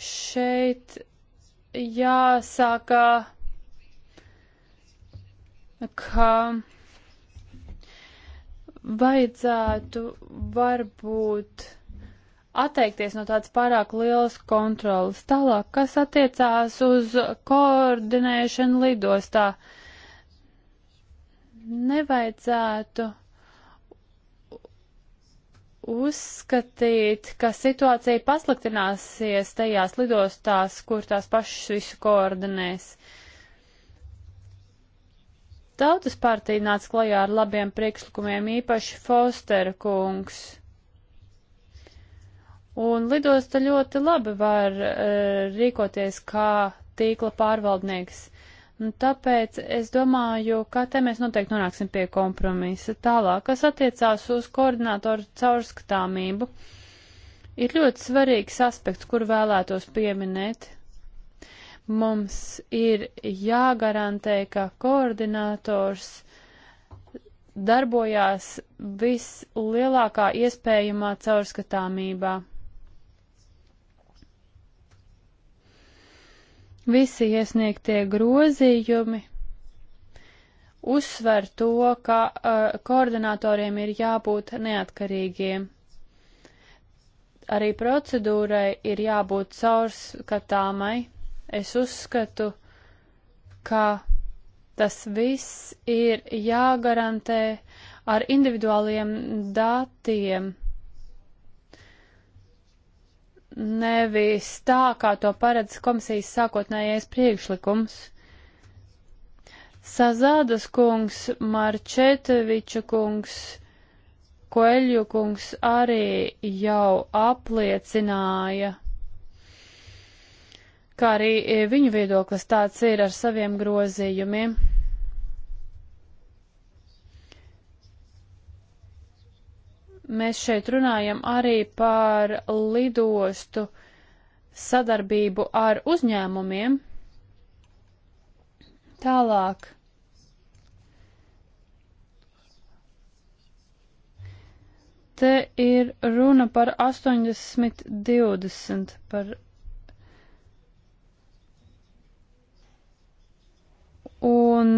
šeit jāsaka, ka vajadzētu varbūt atteikties no tādas pārāk lielas kontrolas. Tālāk, kas attiecās uz koordinēšanu lidostā, nevajadzētu uzskatīt, ka situācija pasliktināsies tajās lidostās, kur tās pašas visu koordinēs. Tautas partija nāca klajā ar labiem priekšlikumiem, īpaši Foster kungs. Un lidosta ļoti labi var uh, rīkoties kā tīkla pārvaldnieks. Un tāpēc es domāju, ka te mēs noteikti nonāksim pie kompromisa. Tālāk, kas attiecās uz koordinātoru caurskatāmību, ir ļoti svarīgs aspekts, kur vēlētos pieminēt. Mums ir jāgarantē, ka koordinātors darbojās vislielākā iespējamā caurskatāmībā. Visi iesniegtie grozījumi uzsver to, ka uh, koordinatoriem ir jābūt neatkarīgiem. Arī procedūrai ir jābūt caurskatāmai. Es uzskatu, ka tas viss ir jāgarantē ar individuāliem datiem nevis tā, kā to paredz komisijas sākotnējais priekšlikums. Sazādas kungs, Marčeteviča kungs, Koeļu kungs arī jau apliecināja, kā arī e, viņu viedoklis tāds ir ar saviem grozījumiem. Mēs šeit runājam arī par lidostu sadarbību ar uzņēmumiem. Tālāk. Te ir runa par 80-20, par un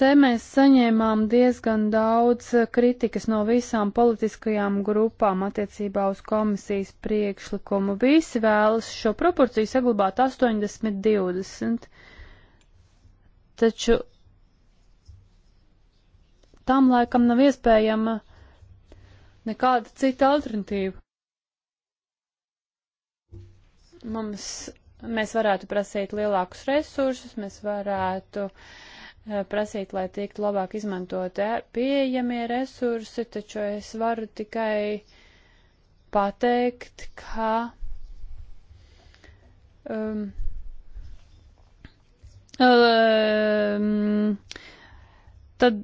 Te mēs saņēmām diezgan daudz kritikas no visām politiskajām grupām attiecībā uz komisijas priekšlikumu. Visi vēlas šo proporciju saglabāt 80-20. Taču tam laikam nav iespējama nekāda cita alternatīva. Mums, mēs varētu prasīt lielākus resursus, mēs varētu uh, Eh, prasīt, lai tiktu labāk izmantot eh, pieejamie resursi, taču es varu tikai pateikt, ka um, um, tad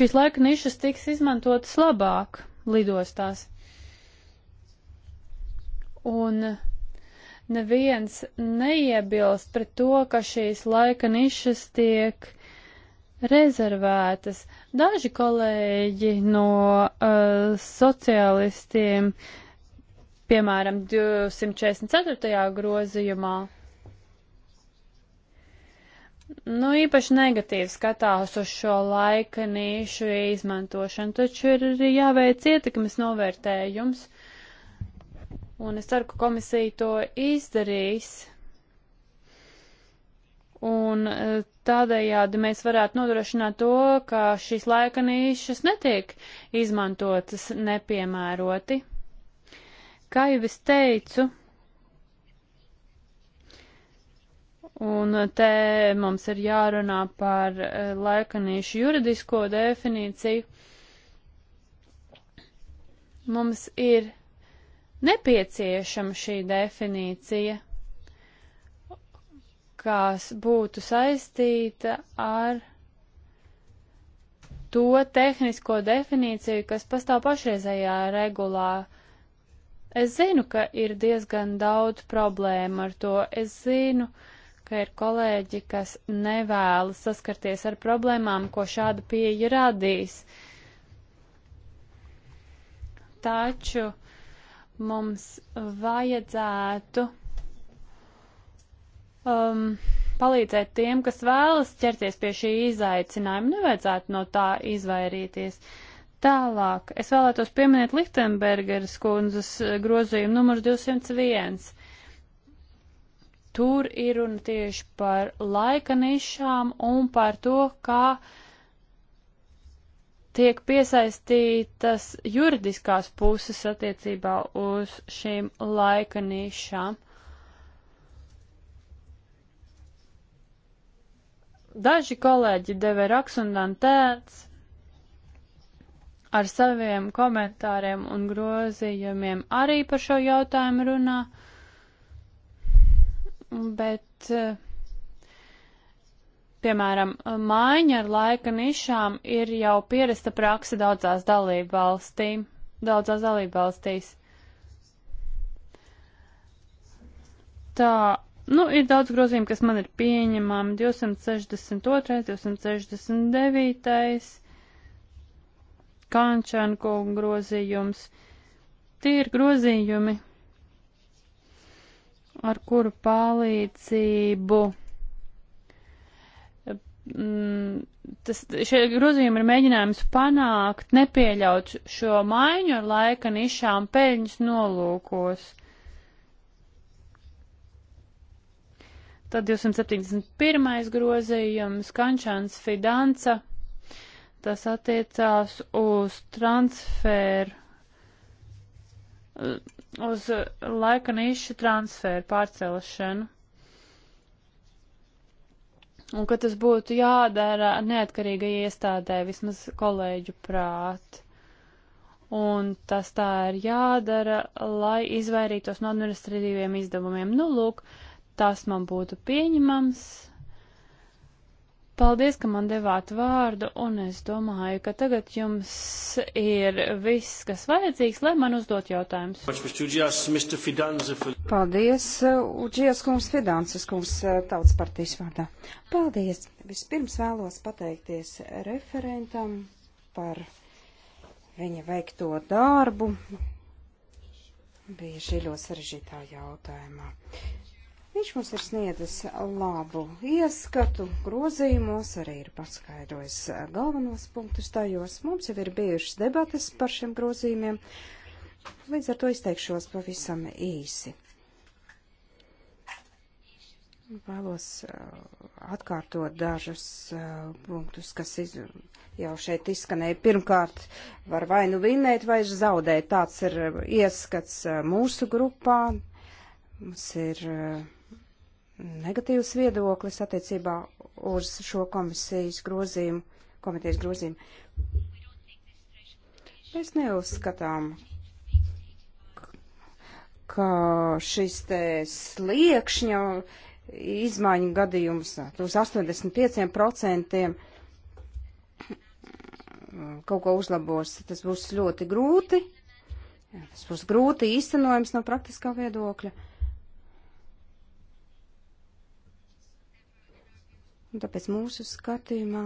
šīs laika nišas tiks izmantotas labāk lidostās. Un neviens neiebilst pret to, ka šīs laika nišas tiek uh, rezervētas. Daži kolēģi no uh, sociālistiem, piemēram, 244. grozījumā, nu, īpaši negatīvi skatās uz šo laika nīšu izmantošanu, taču ir jāveic ietekmes novērtējums, un es ceru, ka komisija to izdarīs. Un e, tādējādi mēs varētu nodrošināt to, ka šīs laika nīšas netiek izmantotas nepiemēroti. Kā jau es teicu, un te mums ir jārunā par e, laika nīšu juridisko definīciju, mums ir nepieciešama šī definīcija kas būtu saistīta ar to tehnisko definīciju, kas pastāv pašreizējā regulā. Es zinu, ka ir diezgan daudz problēmu ar to. Es zinu, ka ir kolēģi, kas nevēlas saskarties ar problēmām, ko šāda pieeja radīs. Taču mums vajadzētu um, palīdzēt tiem, kas vēlas ķerties pie šī izaicinājuma, nevajadzētu no tā izvairīties. Tālāk, es vēlētos pieminēt Lichtenbergeras kundzes grozījumu numur 201. Tur ir runa tieši par laika nišām un par to, kā tiek piesaistītas juridiskās puses attiecībā uz šīm laika nišām. Uh, Daži kolēģi deva raks un dantēts ar saviem komentāriem un grozījumiem arī par šo jautājumu runā, bet, piemēram, maiņa ar laika nišām ir jau pierasta praksa daudzās dalību valstīm, daudzās dalību valstīs. Tā Nu, ir daudz grozījumu, kas man ir pieņemami. 262, 269, Kančanko grozījums. Tie ir grozījumi, ar kuru palīdzību. Mm, tas, šie grozījumi ir mēģinājums panākt, nepieļaut šo maiņu ar laika nišām peļņas nolūkos. Tad 271. grozījums Kančāns Fidanca. Tas attiecās uz transferu, uz laika nišu transferu pārcelšanu. Un ka tas būtu jādara neatkarīgai iestādē, vismaz kolēģu prāt. Un tas tā ir jādara, lai izvairītos no administratīviem izdevumiem. Nu, lūk, uh, tas man būtu pieņemams. Paldies, ka man devāt vārdu, un es domāju, ka tagad jums ir viss, kas vajadzīgs, lai man uzdot jautājumus. Paldies, Uģijas kungs, Fidanses kungs, tautas partijas vārdā. Paldies! Vispirms vēlos pateikties referentam par viņa veikto darbu. Bija šī ļoti sarežģītā jautājumā. Viņš mums ir sniedzis labu ieskatu, grozījumos arī ir paskaidrojis eh, galvenos punktus tajos. Mums jau ir bijušas debates par šiem grozījumiem, līdz ar to izteikšos pavisam īsi. Vēlos eh, atkārtot dažus eh, punktus, kas iz, jau šeit izskanēja. Pirmkārt, var vai nu vinnēt, vai zaudēt. Tāds ir ieskats mūsu grupā. Mums ir uh, negatīvs viedoklis attiecībā uz šo komisijas grozījumu, komitejas grozījumu. Mēs neuzskatām, ka šis te sliekšņa izmaiņu gadījums uz 85% kaut ko uzlabos, tas būs ļoti grūti. Tas būs grūti īstenojams no praktiskā viedokļa. Uh, Un tāpēc mūsu skatījumā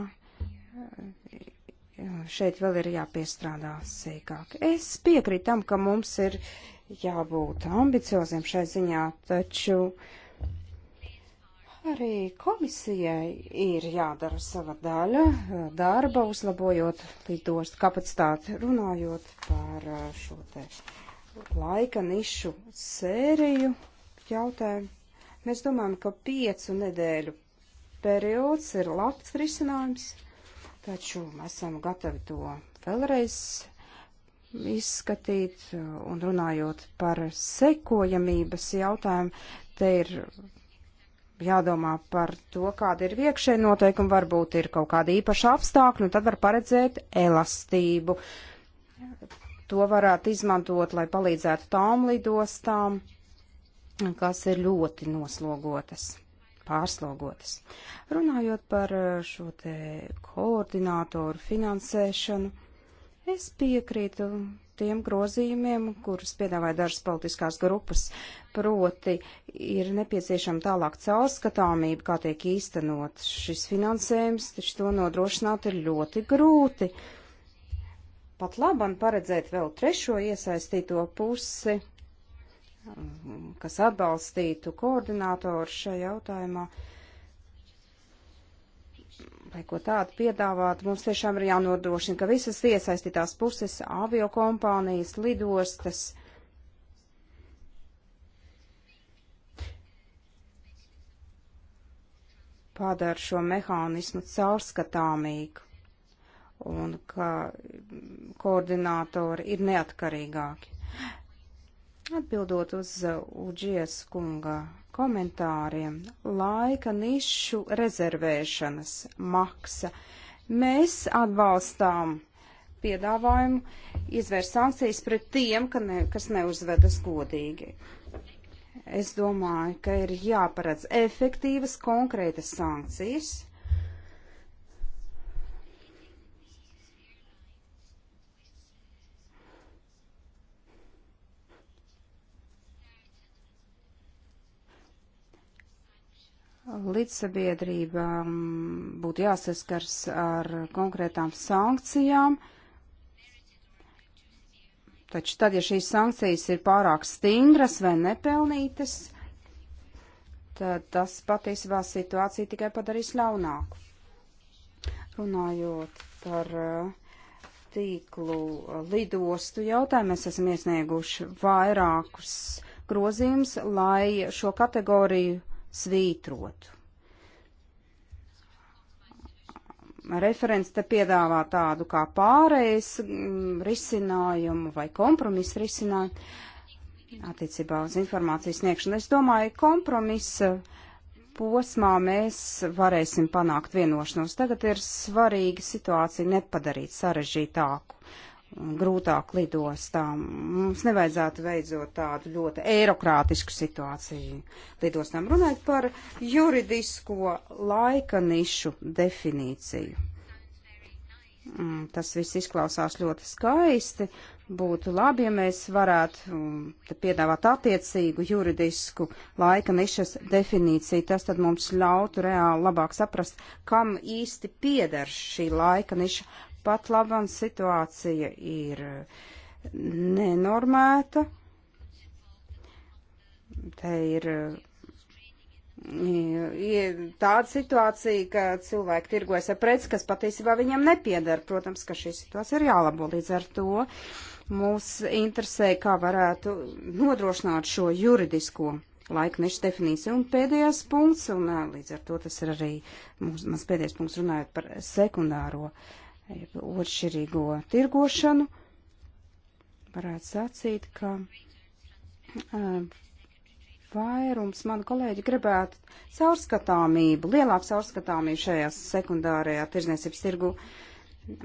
šeit vēl ir jāpiestrādā sīkāk. Es piekrītu tam, ka mums ir jābūt ambicioziem šai ziņā, taču arī komisijai ir jādara sava daļa darba, uzlabojot lidostu kapacitāti, runājot par šo te laika nišu sēriju jautājumu. Mēs domājam, ka piecu nedēļu periods ir labs risinājums, taču esam gatavi to vēlreiz izskatīt un runājot par sekojamības jautājumu, te ir jādomā par to, kāda ir iekšēja noteikuma, varbūt ir kaut kāda īpaša apstākļa, un tad var paredzēt elastību. To varētu izmantot, lai palīdzētu tām lidostām, kas ir ļoti noslogotas pārslogotas. Runājot par eh, šo te koordinātoru finansēšanu, es piekrītu tiem grozījumiem, kurus piedāvāja dažas politiskās grupas, proti ir nepieciešama tālāk caurskatāmība, kā tiek īstenot šis finansējums, taču to nodrošināt ir ļoti grūti. Pat labam paredzēt vēl trešo iesaistīto pusi kas atbalstītu koordinātoru šajā jautājumā. Lai ko tādu piedāvāt, mums tiešām ir jānodrošina, ka visas iesaistītās puses, avio kompānijas, lidostas, padara šo mehānismu caurskatāmīgu un ka koordinātori ir neatkarīgāki. Atbildot uz uh, Uģies kunga komentāriem, laika nišu rezervēšanas maksa. Mēs atbalstām piedāvājumu izvērst sankcijas pret tiem, ka ne, kas neuzvedas godīgi. Es domāju, ka ir jāparedz efektīvas konkrētas sankcijas līdzsabiedrībām būtu jāsaskars ar konkrētām sankcijām, taču tad, ja šīs sankcijas ir pārāk stingras vai nepelnītas, tad tas patiesībā situāciju tikai padarīs ļaunāku. Runājot par uh, tīklu uh, lidostu jautājumu, mēs esam iesnieguši vairākus grozījumus, lai šo kategoriju svītrotu. Referents te piedāvā tādu kā pārējais mm, risinājumu vai kompromisu risinājumu attiecībā uz informācijas sniegšanu. Es domāju, kompromisa posmā mēs varēsim panākt vienošanos. Tagad ir svarīga situācija nepadarīt sarežģītāku grūtāk lidostām. Mums nevajadzētu veidot tādu ļoti eirokrātisku situāciju lidostām. Runājot par juridisko laika nišu definīciju. Mm, tas viss izklausās ļoti skaisti. Būtu labi, ja mēs varētu mm, piedāvāt attiecīgu juridisku laika nišas definīciju. Tas tad mums ļautu reāli labāk saprast, kam īsti pieder šī laika niša Pat labam situācija ir nenormēta. Te ir tāda situācija, ka cilvēki tirgojas ar preci, kas patiesībā viņam nepiedara. Protams, ka šī situācija ir jālabo līdz ar to. Mūs interesē, kā varētu nodrošināt šo juridisko laikmeša definīciju. Un pēdējais punkts, un līdz ar to tas ir arī mūs, mans pēdējais punkts runājot par sekundāro otršķirīgo tirgošanu. Varētu sacīt, ka vairums mani kolēģi gribētu caurskatāmību, lielāku caurskatāmību šajā sekundārajā tirzniecības tirgu.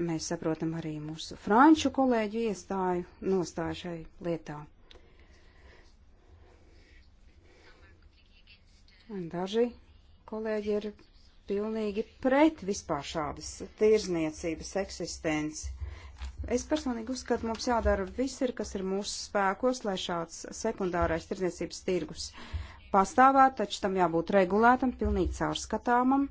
Mēs saprotam arī mūsu franču kolēģu iestāju, nostāju šai lietā. Daži kolēģi ir pilnīgi pret vispār šādas tirzniecības eksistenci. Es personīgi uzskatu, mums jādara viss, ir, kas ir mūsu spēkos, lai šāds sekundārais tirzniecības tirgus pastāvētu, taču tam jābūt regulētam, pilnīgi caurskatāmam.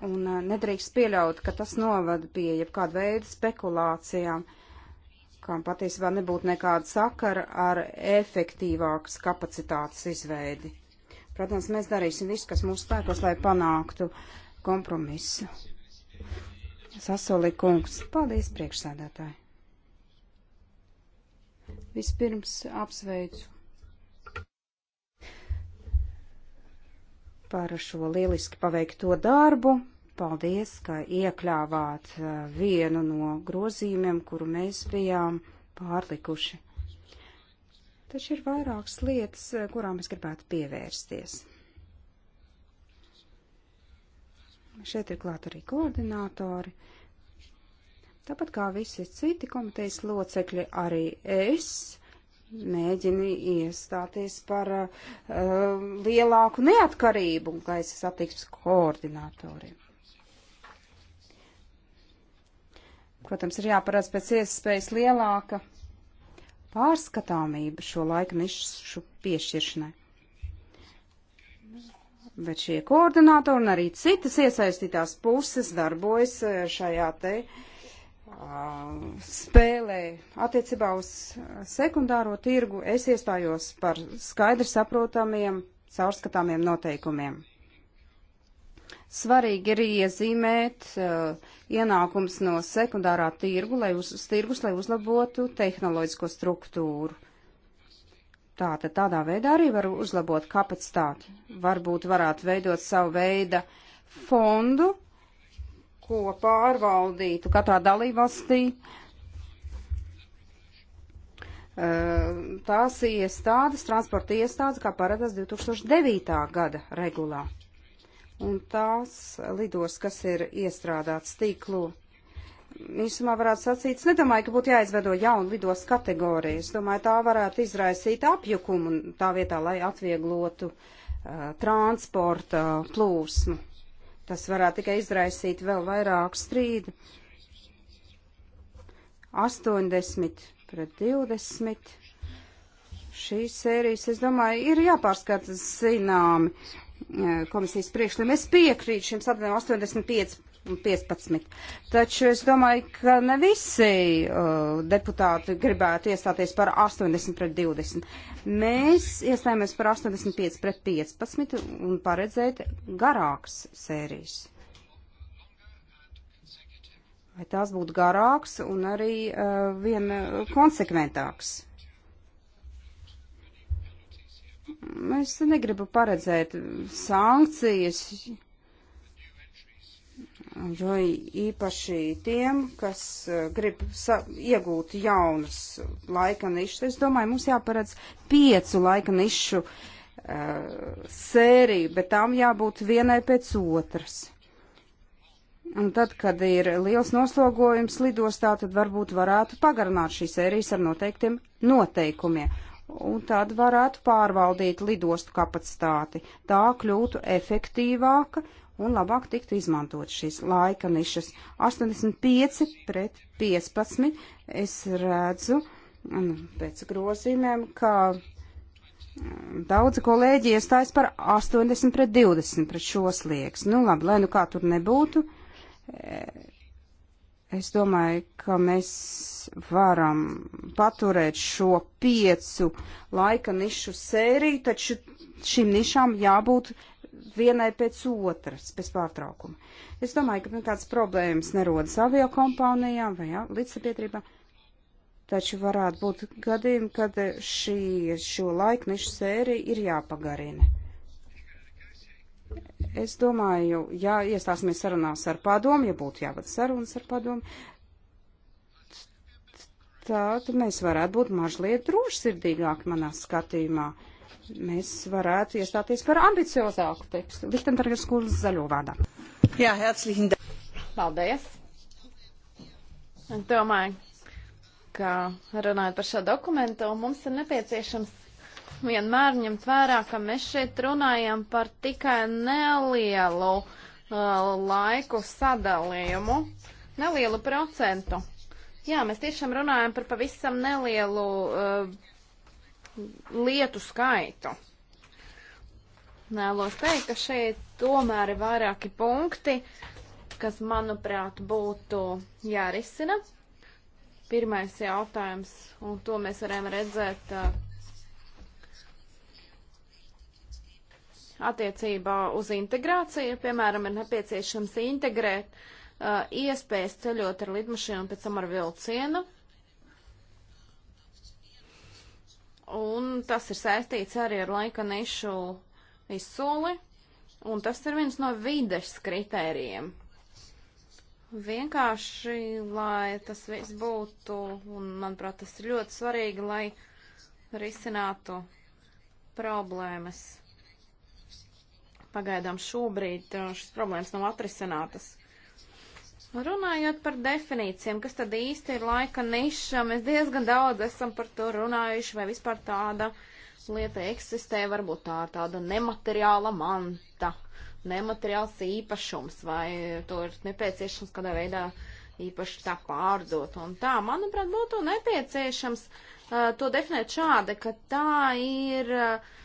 Un eh, nedrīkst pieļaut, ka tas novada pie jebkāda veida spekulācijām, kam patiesībā nebūtu nekāda sakara ar efektīvākas kapacitātes izveidi. Protams, mēs darīsim visu, kas mūsu spēkos, lai panāktu kompromisu. Sasolī kungs. Paldies, priekšsēdētāji. Vispirms apsveicu par šo lieliski paveikto darbu. Paldies, ka iekļāvāt uh, vienu no grozījumiem, kuru mēs bijām pārlikuši. Taču ir vairākas lietas, eh, kurām es gribētu pievērsties. Šeit ir klāt arī koordinātori. Tāpat kā visi citi komitejas locekļi, arī es mēģinu iestāties par uh, lielāku neatkarību un gaisa satiksmes koordinatoriem. Protams, ir jāparāds pēc iespējas lielāka pārskatāmība šo laika nišu piešķiršanai. Bet šie koordinātori un arī citas iesaistītās puses darbojas eh, šajā te ah, spēlē. Attiecībā uz sekundāro tirgu es iestājos par skaidri saprotamiem, caurskatāmiem noteikumiem. Svarīgi ir iezīmēt uh, ienākums no sekundārā tirgu, lai uz, uz tirgus, lai uzlabotu tehnoloģisko struktūru. Tātad tādā veidā arī var uzlabot kapacitāti. Varbūt varētu veidot savu veidu fondu, ko pārvaldītu katrā dalībvalstī uh, tās iestādes, transporta iestādes, kā paredzēts 2009. gada regulā un tās lidos, kas ir iestrādāts tīklū. Īsumā varētu sacīt, es nedomāju, ka būtu jāizveido jauna lidos kategorija. Es domāju, tā varētu izraisīt apjukumu tā vietā, lai atvieglotu uh, transporta plūsmu. Tas varētu tikai izraisīt vēl vairāk strīdu. 80 pret 20 šīs sērijas, es domāju, ir jāpārskata zināmi komisijas priekšlikumu. Es piekrītu šim sadalījumam 85 un 15. Taču es domāju, ka ne visi uh, deputāti gribētu iestāties par 80 pret 20. Mēs iestājāmies par 85 pret 15 un paredzēt garāks sērijas. Lai tās būtu garāks un arī uh, vien uh, konsekventāks. Es negribu paredzēt sankcijas, jo īpaši tiem, kas uh, grib iegūt jaunas laika nišas, es domāju, mums jāparedz piecu laika nišu uh, sēriju, bet tām jābūt vienai pēc otras. Un tad, kad ir liels noslogojums lidostā, tad varbūt varētu pagarināt šīs sērijas ar noteiktiem noteikumiem un tad varētu pārvaldīt lidostu kapacitāti. Tā kļūtu efektīvāka un labāk tiktu izmantot šīs laika nišas. 85 pret 15 es redzu pēc grozīmēm, ka mm, daudzi kolēģi iestājas par 80 pret 20 pret šo slieksni. Nu labi, lai nu kā tur nebūtu Es domāju, ka mēs varam paturēt šo piecu laika nišu sēriju, taču šīm nišām jābūt vienai pēc otras, bez pārtraukuma. Es domāju, ka nekādas nu, problēmas nerodas avio kompānijām vai ja, līdzsabiedrībām, taču varētu būt gadījumi, kad šī, šo laika nišu sēriju ir jāpagarina. Es domāju, ja iestāsimies sarunās ar padomu, ja būtu jāvada sarunas ar padomu, tad mēs varētu būt mazliet drošsirdīgāki manā skatījumā. Mēs varētu iestāties par ambiciozāku tekstu. Lichtenbergas skolas zaļo vārdā. Jā, herzlichen dank. Paldies. Domāju, ka runājot par šo dokumentu, mums ir nepieciešams vienmēr ņemt vērā, ka mēs šeit runājam par tikai nelielu uh, laiku sadalījumu, nelielu procentu. Jā, mēs tiešām runājam par pavisam nelielu uh, lietu skaitu. Nēlos teikt, ka šeit tomēr ir vairāki punkti, kas, manuprāt, būtu jārisina. Pirmais jautājums, un to mēs varam redzēt uh, attiecībā uz integrāciju. Piemēram, ir nepieciešams integrēt uh, iespējas ceļot ar lidmašīnu un pēc tam ar vilcienu. Un tas ir saistīts arī ar laika nišu izsoli, un tas ir viens no vides kritērijiem. Vienkārši, lai tas viss būtu, un manuprāt, tas ir ļoti svarīgi, lai risinātu problēmas. Pagaidām šobrīd uh, šis problēmas nav atrisinātas. Runājot par definīcijiem, kas tad īsti ir laika niša, mēs diezgan daudz esam par to runājuši, vai vispār tāda lieta eksistē, varbūt tā ir tāda nemateriāla manta, nemateriāls īpašums, vai to ir nepieciešams kādā veidā īpaši tā pārdot. Un tā, manuprāt, būtu nepieciešams uh, to definēt šādi, ka tā ir. Uh,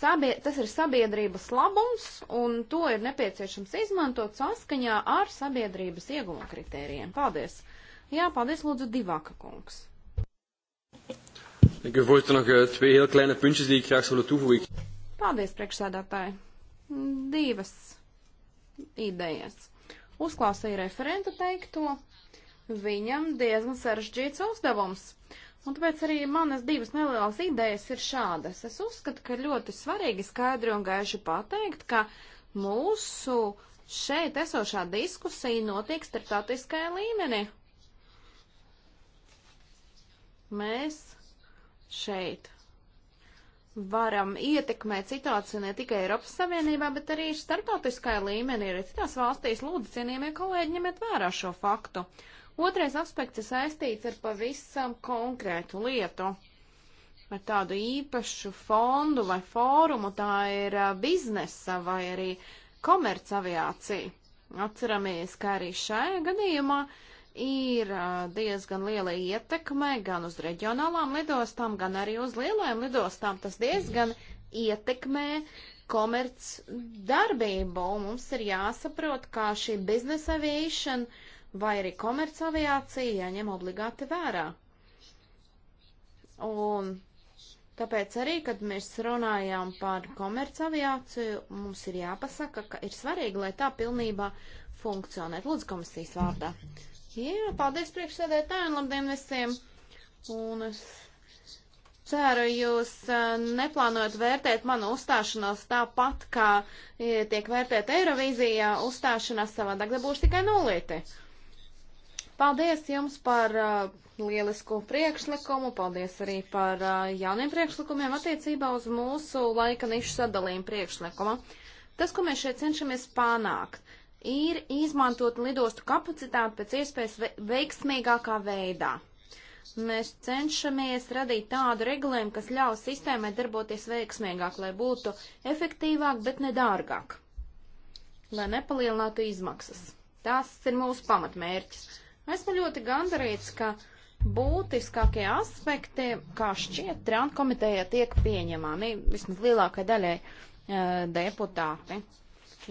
Sabie, tas ir sabiedrības labums, un to ir nepieciešams izmantot saskaņā ar sabiedrības ieguma kritērijiem. Paldies! Jā, paldies, lūdzu, Divāka kungs. Eh, paldies, priekšsēdētāji. Divas idejas. Uzklausīja referentu teikto. Viņam diezgan sarežģīts uzdevums. Uh, Un tāpēc arī manas divas nelielas idejas ir šādas. Es uzskatu, ka ļoti svarīgi skaidri un gaiši pateikt, ka mūsu šeit esošā diskusija notiek starptautiskajā līmenī. Mēs šeit varam ietekmēt situāciju ne tikai Eiropas Savienībā, bet arī starptautiskajā līmenī, arī citās valstīs. Lūdzu, cienījamie kolēģi, ņemiet vērā šo faktu. Uh, Otrais aspekts ir saistīts ar pavisam konkrētu lietu, ar tādu īpašu fondu vai fórumu, tā ir biznesa vai arī komercaviācija. Atceramies, ka arī šajā gadījumā ir diezgan liela ietekme gan uz reģionālām lidostām, gan arī uz lielajām lidostām. Tas diezgan ietekmē komerc darbību. Mums ir jāsaprot, kā šī biznesa aviation uh, vai arī komercaviācija jāņem obligāti vērā. Un tāpēc arī, kad mēs runājām par komercaviāciju, mums ir jāpasaka, ka ir svarīgi, lai tā pilnībā funkcionētu. Lūdzu, komisijas vārdā. Jā, paldies priekšsēdētājiem, labdien visiem! Un es ceru, jūs e, neplānojat vērtēt manu uzstāšanos tāpat, kā e, tiek vērtēta Eirovīzijā uzstāšanās savādāk, te būs tikai nulīti. Paldies jums par uh, lielisko priekšlikumu, paldies arī par uh, jauniem priekšlikumiem attiecībā uz mūsu laika nišu sadalījumu priekšlikuma. Tas, ko mēs šeit cenšamies panākt, ir izmantot lidostu kapacitāti pēc iespējas ve veiksmīgākā veidā. Mēs cenšamies radīt tādu regulējumu, kas ļaus sistēmai darboties veiksmīgāk, lai būtu efektīvāk, bet nedārgāk, lai nepalielinātu izmaksas. Tas ir mūsu pamatmērķis. Esmu ļoti gandarīts, ka būtiskākie aspekti, kā šķiet, Trānu komitejā tiek pieņemami vismaz lielākai daļai e, deputāti.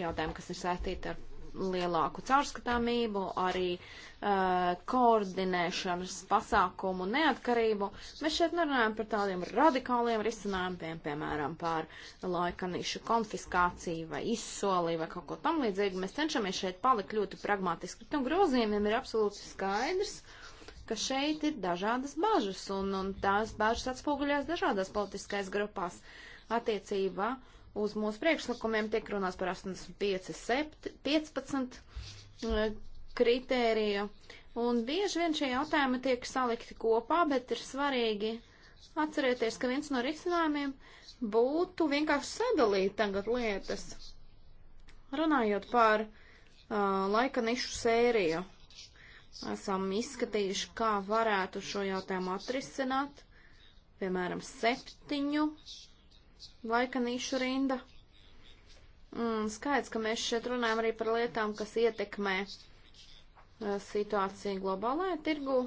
Jautājumi, kas ir saistīti ar lielāku caurskatāmību, arī uh, koordinēšanas pasākumu neatkarību. Mēs šeit nerunājam par tādiem radikāliem risinājumiem, piemēram, par laikanīšu konfiskāciju vai izsoli vai kaut ko tam līdzīgu. Mēs cenšamies šeit palikt ļoti pragmatiski. Tam grozījumiem ir absolūti skaidrs ka šeit ir dažādas bažas, un, un tās bažas atspoguļās dažādās politiskais grupās attiecībā uh, uz mūsu priekšlikumiem tiek runās par 85, 7, 15 kritēriju, un bieži vien šie jautājumi tiek salikti kopā, bet ir svarīgi atcerēties, ka viens no risinājumiem būtu vienkārši sadalīt tagad lietas. Runājot par uh, laika nišu sēriju, esam izskatījuši, kā varētu šo jautājumu atrisināt, piemēram, septiņu laika nišu rinda. Un skaidrs, ka mēs šeit runājam arī par lietām, kas ietekmē eh, situāciju globālajā tirgu.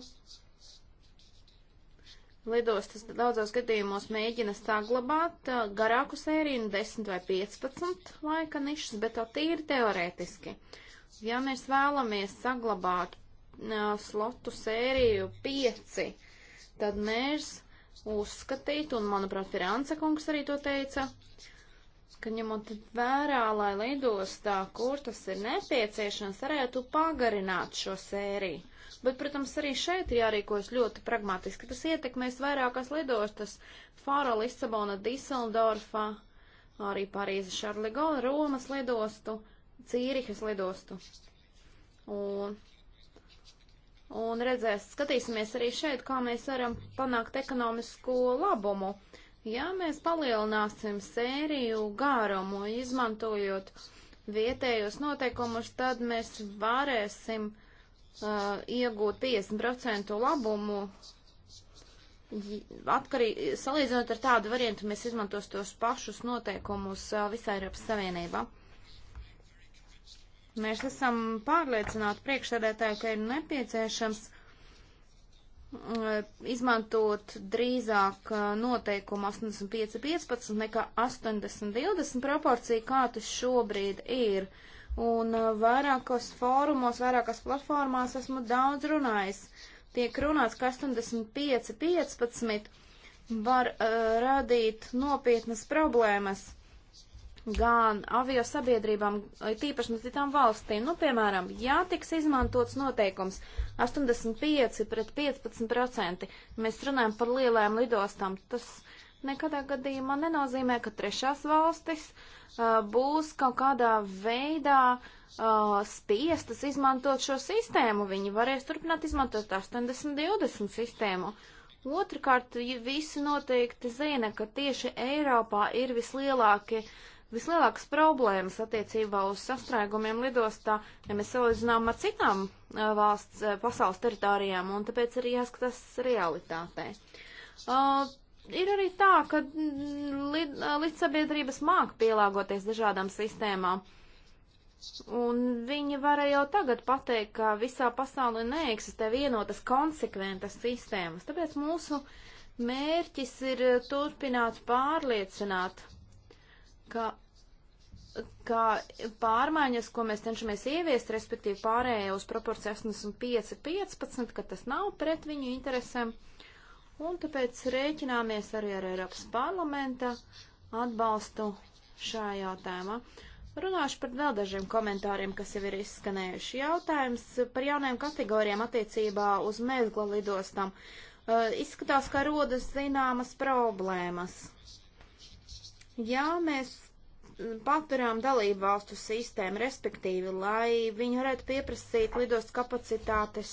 Lidostas daudzos gadījumos mēģina saglabāt eh, garāku sēriju, 10 nu, vai 15 laika nišas, bet tā tīri teorētiski. Ja mēs vēlamies saglabāt eh, slotu sēriju 5, tad mēs uzskatīt, un, manuprāt, Firanca kungs arī to teica, ka ņemot vērā, lai lidostā, kur tas ir nepieciešams, varētu pagarināt šo sēriju. Bet, protams, arī šeit jārīkojas ļoti pragmatiski. Tas ietekmēs vairākas lidostas - Fāra, Lisabona, Diseldorfa, arī Parīze, Šarligola, Romas lidostu, Cīrihas lidostu. Un un redzēs, skatīsimies arī šeit, kā mēs varam panākt ekonomisko labumu. Ja mēs palielināsim sēriju gārumu, izmantojot vietējos noteikumus, tad mēs varēsim uh, iegūt 50% labumu. Atkarīgi, salīdzinot ar tādu variantu, mēs izmantos tos pašus noteikumus uh, visā Eiropas Savienībā. Mēs esam pārliecināti priekšsēdētāji, ka ir nepieciešams uh, izmantot drīzāk uh, noteikumu 85-15 nekā 80-20 proporciju, kā tas šobrīd ir. Un uh, vairākos fórumos, vairākās platformās esmu daudz runājis. Tiek runāts, ka 85-15 var uh, radīt nopietnas problēmas gan avio sabiedrībām, tīpaši no citām valstīm. Nu, piemēram, ja tiks izmantots noteikums 85 pret 15%, mēs runājam par lielajām lidostām, tas nekadā gadījumā nenozīmē, ka trešās valstis uh, būs kaut kādā veidā uh, spiestas izmantot šo sistēmu. Viņi varēs turpināt izmantot 80-20 sistēmu. Otrakārt, visi noteikti zina, ka tieši Eiropā ir vislielākie uh, vislielākas problēmas attiecībā uz sastrēgumiem lidostā, ja mēs salīdzinām ar citām valsts pasaules teritorijām, un tāpēc arī jāskatās realitātē. Uh, ir arī tā, ka mm, lid, līdzsabiedrības māk pielāgoties dažādām sistēmām. Un viņi var jau tagad pateikt, ka visā pasaulē neeksistē vienotas konsekventas sistēmas. Tāpēc mūsu mērķis ir turpināt pārliecināt ka ka pārmaiņas, ko mēs cenšamies ieviest, respektīvi pārējie uz proporciju 85-15, ka tas nav pret viņu interesēm, un tāpēc rēķināmies arī ar Eiropas parlamenta atbalstu šajā jautājumā. Runāšu par vēl dažiem komentāriem, kas jau ir izskanējuši. Jautājums par jaunajām kategorijām attiecībā uz mēzgla lidostam. Uh, izskatās, ka rodas zināmas problēmas. Jā, mēs paturām dalību valstu sistēmu, respektīvi, lai viņi varētu pieprasīt lidostu kapacitātes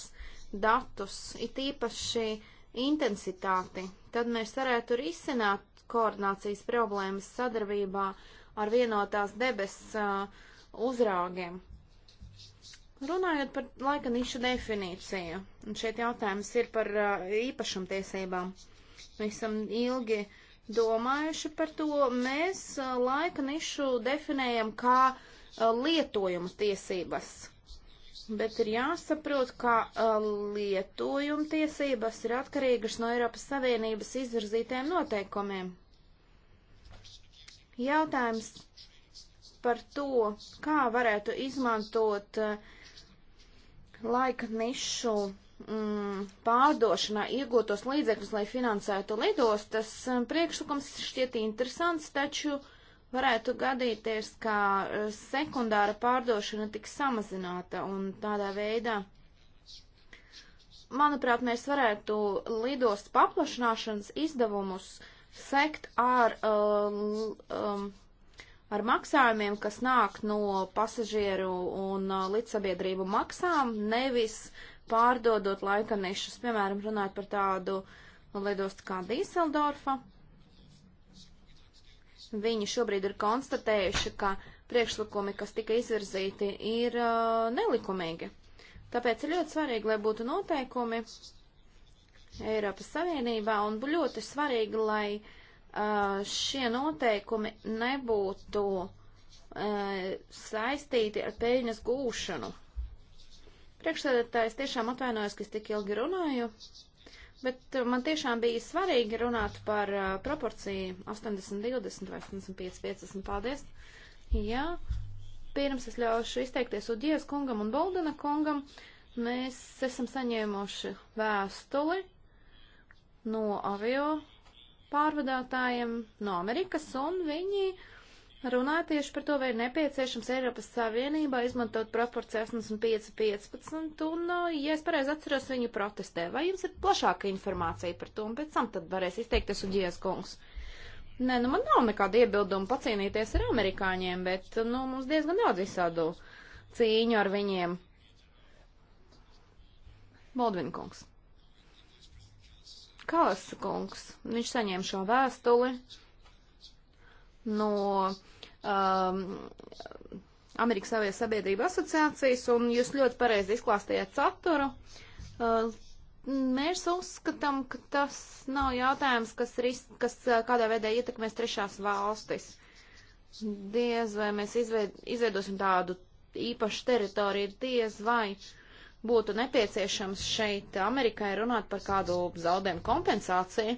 datus, it īpaši intensitāti, tad mēs varētu risināt koordinācijas problēmas sadarbībā ar vienotās debes uh, uzrāgiem. Runājot par laika nišu definīciju, un šeit jautājums ir par uh, īpašumtiesībām. Mēs esam ilgi uh, domājuši par to. Mēs laika nišu definējam kā lietojumu tiesības. Bet ir jāsaprot, ka lietojuma tiesības ir atkarīgas no Eiropas Savienības izvirzītiem noteikumiem. Jautājums par to, kā varētu izmantot laika nišu mm, pārdošanā iegūtos līdzekļus, lai finansētu lidostas, mm, priekšlikums šķiet interesants, taču varētu gadīties, ka eh, sekundāra pārdošana tiks samazināta un tādā veidā. Manuprāt, mēs varētu lidostas paplašināšanas izdevumus sekt ar, um, um, ar maksājumiem, kas nāk no pasažieru un uh, līdzsabiedrību maksām, nevis uh, pārdodot laika nišas, piemēram, runājot par tādu lidostu kā Dīseldorfa. Viņi šobrīd ir konstatējuši, ka priekšlikumi, kas tika izvirzīti, ir uh, nelikumīgi. Tāpēc ir ļoti svarīgi, lai būtu noteikumi Eiropas Savienībā un būtu ļoti svarīgi, lai uh, šie noteikumi nebūtu uh, saistīti ar peļņas gūšanu. Priekšsēdētājs tiešām atvainojos, ka es tik ilgi runāju, bet uh, man tiešām bija svarīgi runāt par uh, proporciju 80-20 vai 85-50. Paldies! Jā, pirms es ļaušu izteikties Uģies kungam un Boldena kungam, mēs esam saņēmuši vēstuli no avio pārvadātājiem no Amerikas, un viņi uh, runāja tieši par to, vai ir nepieciešams Eiropas Savienībā izmantot proporciju 85-15, un, uh, ja es pareizi atceros, viņi protestē. Vai jums ir plašāka informācija par to, un pēc tam tad varēs izteikties un diezgungs? Nē, nu man nav nekāda iebilduma pacīnīties ar amerikāņiem, bet, nu, mums diezgan daudz visādu cīņu ar viņiem. Baldvinkungs. Kāsa kungs, viņš saņēma šo vēstuli no um, Amerikas Savies sabiedrību asociācijas, un jūs ļoti pareizi izklāstījāt saturu. Uh, mēs uzskatām, ka tas nav jautājums, kas, ris, kas uh, kādā veidā ietekmēs trešās valstis. Diez vai mēs izveid, izveidosim tādu īpašu teritoriju, diez vai būtu nepieciešams šeit Amerikai runāt par kādu zaudējumu kompensāciju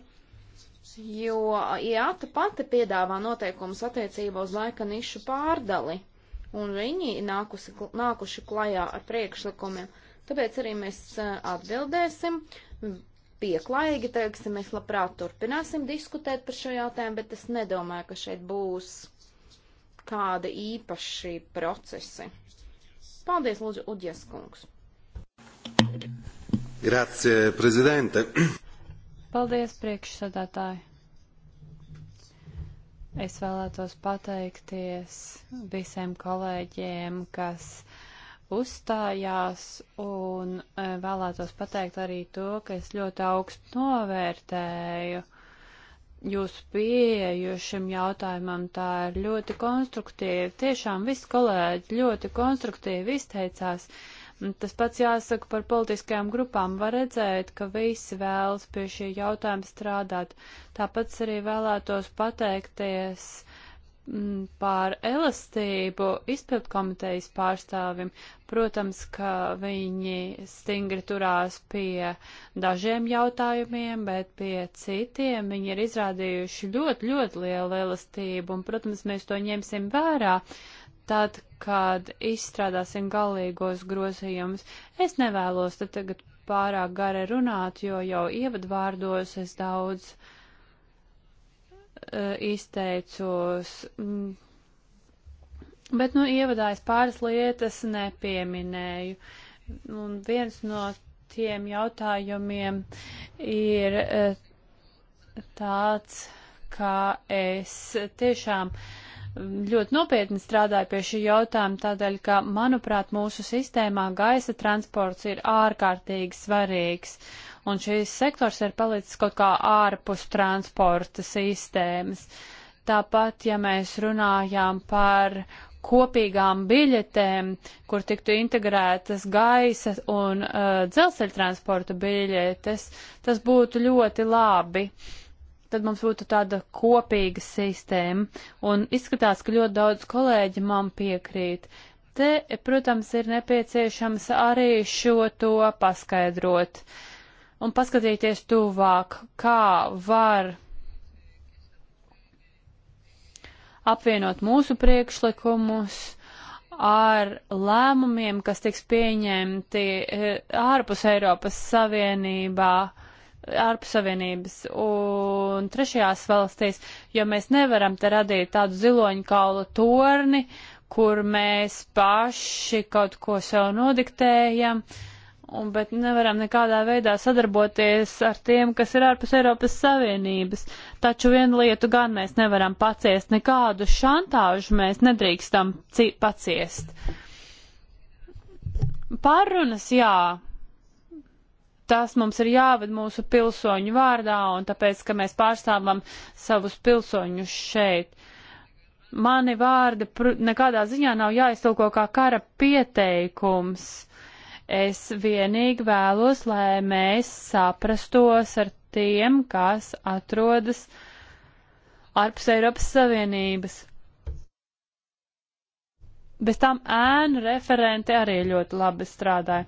jo IATA pati piedāvā noteikumus attiecībā uz laika nišu pārdali, un viņi nākusi, nākuši klajā ar priekšlikumiem. Tāpēc arī mēs eh, atbildēsim pieklājīgi, teiksim, mēs labprāt turpināsim diskutēt par šo jautājumu, bet es nedomāju, ka šeit būs kādi īpaši procesi. Paldies, Lūdzu, Uģies kungs. Grazie, prezidente. Paldies, priekšsādātāji! Es vēlētos pateikties visiem kolēģiem, kas uzstājās, un e, vēlētos pateikt arī to, ka es ļoti augstu novērtēju jūsu pieeju šim jautājumam. Tā ir ļoti konstruktīva. Tiešām visi kolēģi ļoti konstruktīvi izteicās. Uh, Tas pats jāsaka par politiskajām grupām. Var redzēt, ka visi vēlas pie šī jautājuma strādāt. Tāpat arī vēlētos pateikties mm, pār elastību izpildu komitejas pārstāvim. Protams, ka viņi stingri turās pie dažiem jautājumiem, bet pie citiem viņi ir izrādījuši ļoti, ļoti lielu elastību, un, protams, mēs to ņemsim vērā. Uh, tad, kad izstrādāsim galīgos grozījumus. Es nevēlos te tagad pārāk gari runāt, jo jau ievadvārdos es daudz uh, izteicos. Mm. Bet, nu, ievadā es pāris lietas nepieminēju. Un viens no tiem jautājumiem ir uh, tāds, kā es tiešām uh, ļoti nopietni strādāju pie šī jautājuma, tādēļ, ka, manuprāt, mūsu sistēmā gaisa transports ir ārkārtīgi svarīgs, un šīs sektors ir palicis kaut kā ārpus transporta sistēmas. Tāpat, ja mēs runājām par kopīgām biļetēm, kur tiktu integrētas gaisa un uh, dzelzceļa transporta biļetes, tas būtu ļoti labi. Uh, tad mums būtu tāda kopīga sistēma. Un izskatās, ka ļoti daudz kolēģi man piekrīt. Te, protams, ir nepieciešams arī šo to paskaidrot un paskatīties tuvāk, kā var apvienot mūsu priekšlikumus ar lēmumiem, kas tiks pieņemti eh, ārpus Eiropas Savienībā ārpus savienības un trešajās valstīs, jo mēs nevaram te radīt tādu ziloņu kaulu torni, kur mēs paši kaut ko sev nodiktējam, un, bet nevaram nekādā veidā sadarboties ar tiem, kas ir ārpus Eiropas Savienības. Taču vienu lietu gan mēs nevaram paciest, nekādu šantāžu mēs nedrīkstam paciest. Pārunas, jā, tas mums ir jāved mūsu pilsoņu vārdā un tāpēc, ka mēs pārstāvam savus pilsoņus šeit. Mani vārdi nekādā ziņā nav jāiztulko kā kara pieteikums. Es vienīgi vēlos, lai mēs saprastos ar tiem, kas atrodas ārpus Eiropas Savienības. Bez tām ēnu referenti arī ļoti labi strādāja.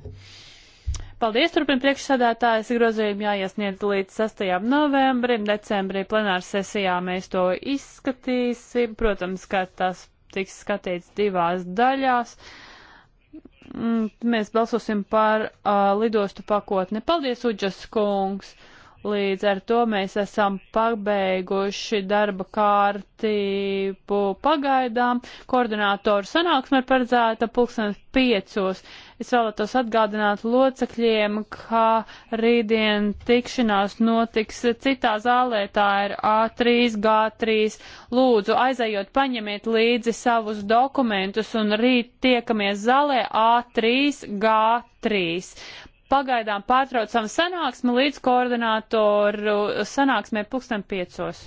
Paldies, turpin priekšsādātājs grozījumi jāiesniedz līdz 6. novembrim, decembrī plenāra sesijā mēs to izskatīsim. Protams, ka tas tiks skatīts divās daļās. Mm, mēs balsosim par uh, lidostu pakotni. Paldies, Uģas kungs! Līdz ar to mēs esam pabeiguši darba kārtību pagaidām. Koordinātoru sanāksme ir paredzēta pulkstens piecos. Es vēlētos atgādināt locekļiem, ka rītdien tikšanās notiks citā zālē, tā ir A3, G3. Lūdzu, aizējot, paņemiet līdzi savus dokumentus un rīt tiekamies zālē A3, G3 pagaidām pārtraucam sanāksmi līdz koordinātoru sanāksmē pulksten piecos.